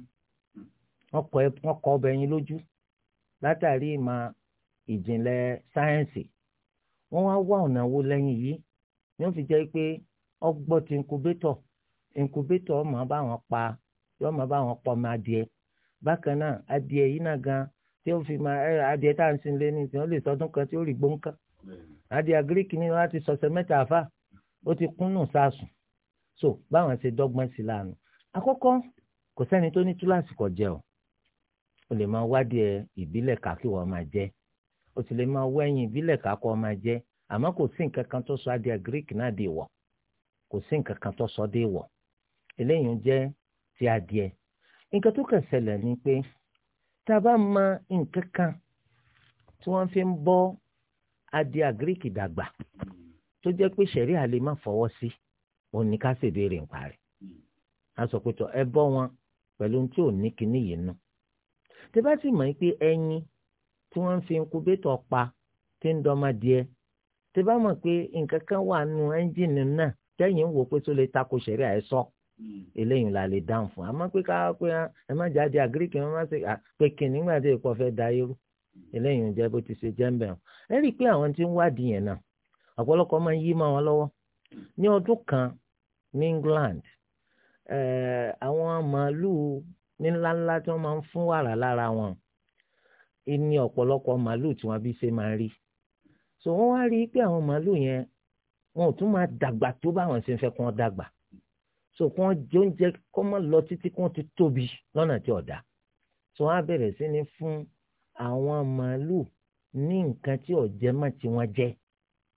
wọn kọ ọbọ ẹyin lójú látàrí ìmọ̀ ìjìnlẹ̀ sáyẹ́ǹsì wọ́n wá wá ọ̀nà wo lẹ́yìn yìí ni wọ́n fi jẹ́ pé ọgbọ́n ti ń kubétọ̀ incubator ọmọ bá wọn pa yóò máa bá wọn pọ ọmọ adìẹ bákan náà adìẹ yìí náà gan tí ó fi máa ẹ adìẹ tá à ń sin lé ní ìsìn ó lè sọdún kan tí ó rí gbóǹkà adìẹ greek ni wọn ti sọsẹ mẹ́ta àfà ó ti kúnnù sásùn so báwọn ṣe dọ́gbọ́n sí lànà àkọ́kọ́ kò sẹ́ni tó ní túláàsì kọ jẹ o o lè máa wádìí ìbílẹ̀ ká kí wọ́n máa jẹ o sì lè máa wẹ́yìn ìbílẹ̀ ká kọ́ máa jẹ àmọ́ kò sí nǹkan kan tó sọ adìẹ greek náà dé wọ̀ kò sí nǹkan kan tó sọ dé wọ̀ eléyìí jẹ́ ti adìẹ nǹkan tó kàn ṣẹlẹ̀ ni pé tá a bá mọ nǹkan kan tí wọ́n fi ń bọ́ adìẹ àgíríkì dàgbà tó jẹ́ pé ṣẹ̀rí àlè má fọwọ́ sí òun ní ká ṣèbéèrè nípa rẹ̀ a sọ pé tó ẹ bọ́ wọn pẹ̀lú tí ò ní kinní yìí nù tẹ bá sì mọ̀ pé ẹyin tí wọ́n fi nkubétọ̀ pa tí ń dọ́mọ díẹ̀ tẹ bá mọ̀ pé nǹkan kan wà nù ẹ́ńjìnì náà tẹ́yìn ń wò pé tó lè takò ṣẹ̀rí àìsàn Hmm. eléyìí la lè dáhùn fún àmọ́ pé káwá pé ẹ má jáde àgíríkì ẹ má ṣe pé kí nígbà tí èkó fẹ́ da irú hmm. eléyìí ń jẹ́ bó ti ṣe jẹ́ ń ẹ rí i pé àwọn tí ń wádìí yẹn náà ọ̀pọ̀lọpọ̀ máa ń yí mọ́ wọn lọ́wọ́ hmm. ní ọdún kan ní England àwọn màálùú ní ńláńlá tí wọ́n máa ń fún wàrà lára wọn ní ọ̀pọ̀lọpọ̀ màálùú tí wọ́n bí ṣe máa rí so wọ́n wá rí i pé àwọn màálùú yẹn wọn ò tún máa dàgbà tó báwọn ṣe ń fẹ́ kí wọ́n dàgbà so kí wọ́n jẹ oúnjẹ kọ́ mọ́ lọ títí kí wọ́n ti tóbi lọ́nà tí ọ̀dà so wọ́n á bẹ̀rẹ̀ sí ni fún àwọn màálù ní nǹkan tí ọ̀jẹ̀ má ti wọ́n jẹ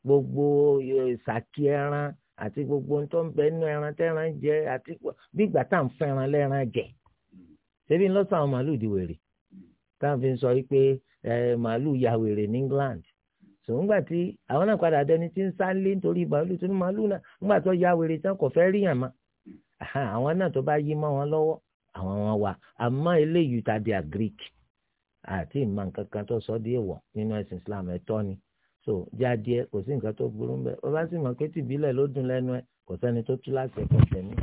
gbogbo ṣàkí ẹran àti gbogbo ohun tó ń bẹ nínú ẹran tẹ́ran jẹ àti bí ìgbà tá à ń fẹ́ran lẹ́ran jẹ ṣebí ń lọ́sàn àwọn màálù di wèrè tá à ń fi sọ wípé màálù ya wèrè ní England sòun gbà tí àwọn náà padà dẹni tí ń sálé nítorí màálù tó ní màálù náà ńgbà tó ya wèrè tán kò fẹ́ ríyàn máa àwọn náà tó bá yí mọ́ wọn lọ́wọ́ àwọn wọn wà àmọ́ eléyìí ta di agric àti ìmọ̀ nǹkan kan tó sọ díẹ̀ wọ̀ nínú ẹ̀sìn Islam ẹ̀tọ́ ni so jáde kò sí nǹkan tó burú ń bẹ ọ bá sì mọ̀ pé tìbílẹ̀ ló dùn lẹ́nu ẹ kò sẹ́ni tó tú láti ẹ̀kọ́ tẹ̀mí.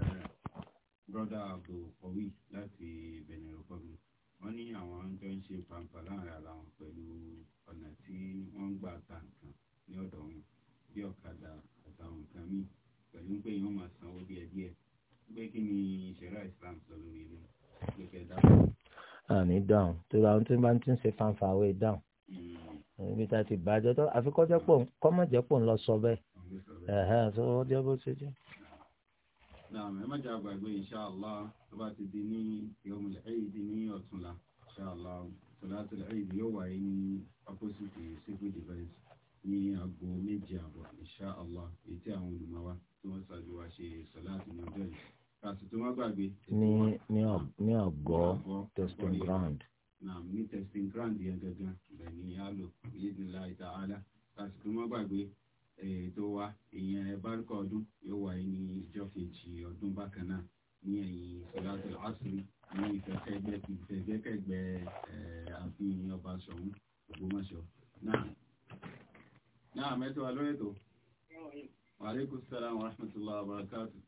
Eh, brother Abdul Owi láti Benin Republic wọ́n ní àwọn tó ń ṣe pàǹpà láàrin ara wọn pẹ̀lú ọ̀nà tí wọ́n ń gbà ta nǹkan ní ọ̀dọ̀ wọn bí ọ̀kadà àtàwọn nǹkan míì pẹ̀lú pé èèyàn máa sanwó díẹ̀ díẹ̀ pé kí ni ìṣẹ̀rá Islam sọ lórí ilé gẹ́gẹ́ dáhùn. àmì dáhùn tó ra ohun tí wọ́n bá ti ń ṣe fanfa àwẹ̀ dáhùn níbi hmm. tá a ti bàjẹ́ tó àfikọ́ jẹ́ pọ̀ kọ́mọ̀ jẹ́ pọ̀ ń lọ sọ bẹ́ẹ̀ ẹ̀hẹ́ sọ wọ́n jẹ́ bó ṣe jẹ́. naam ẹ má jẹ́ àgbàgbé inṣàlá tó bá ti di ní yomul eid ní ọ̀túnla inṣàlá sọlá tó lè eid yóò wáyé ní opposite civil defence ní aago méje àbọ̀ insha Allah èyí tí àwọn olùmọ̀ wa tí wọ́n ṣáájú wa ṣe sọ̀láàtì ní ọjọ́ yìí kàtì tó má gbàgbé. ní ní àgọ́ testing ground. naam ní testing ground yẹn gangan bẹ́ẹ̀ ni a lò bíyẹnìlá ìta àlá kàtì tó má gbàgbé ètò wa ìyẹn bárúkọ ọdún yóò wáyé ní ìjọ kejì ọdún bákan náà ní ẹ̀yìn sọ̀láàtì àṣírí ní ìfẹ̀kẹ́gbẹ́ ìfẹ̀gbẹ́kẹ́gbẹ́ àfihàn ọba ṣọ̀ún ògbómọ̀ṣọ́ náà náà mẹ́tọ́ wa lórí ètò wa alaikum salaam wa rahmatullahi wa barakatuh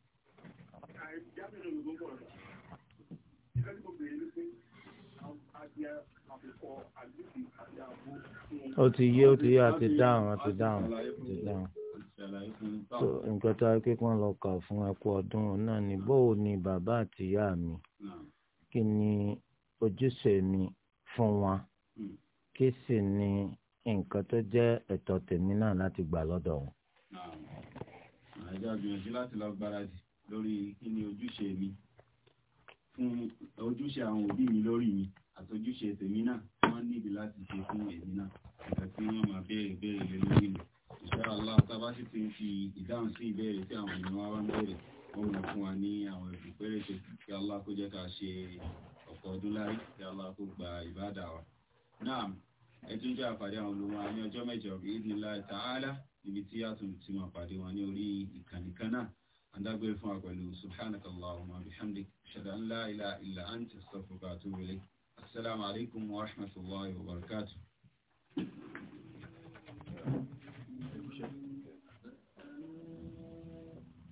ó ti yé ó ti yé àti dáhùn àti dáhùn àti dáhùn so nǹkan tá a ké kí wọ́n lọ kà fún ẹkú ọdún náà ni bóò ni bàbá àti ìyá mi kí ni ojúṣe mi fún wọn hmm. kí sì ni nǹkan tó jẹ́ ẹ̀tọ́ tèmi náà láti gbà lọ́dọ̀ wọn. àjọ gbìyànjú láti lọ gbáradì lórí kí ni ojúṣe mi fún ojúṣe àwọn òbí mi lórí mi àti ojúṣe tèmi náà tí wọ́n níbi láti ṣe fún èmi náà nígbà tí wọ́n máa béèrè béèrè lé lórí mi. ìṣẹ́ àlá tábà sì ti ń fi ìdáhùn sí ìbéèrè tí àwọn ènìyàn wa ń béèrè wọ́n mọ̀ fún wa ní àwọn ẹ̀bùn Allah kó jẹ́ ká ṣe Allah kó gba wa. náà ẹtún jẹ́ àpàdé àwọn olùwà ní ọjọ́ mẹ́jọ bí ìdínlá ta'ala níbi tí a tún ti máa pàdé wọn ní orí ìkànnì kan náà àndágbére fún àpẹlú subhanaka allahumma bihamdik ashhadu an la ilaha illa anta astaghfiruka wa atubu ilayk assalamu alaikum wa rahmatullahi wa barakatuh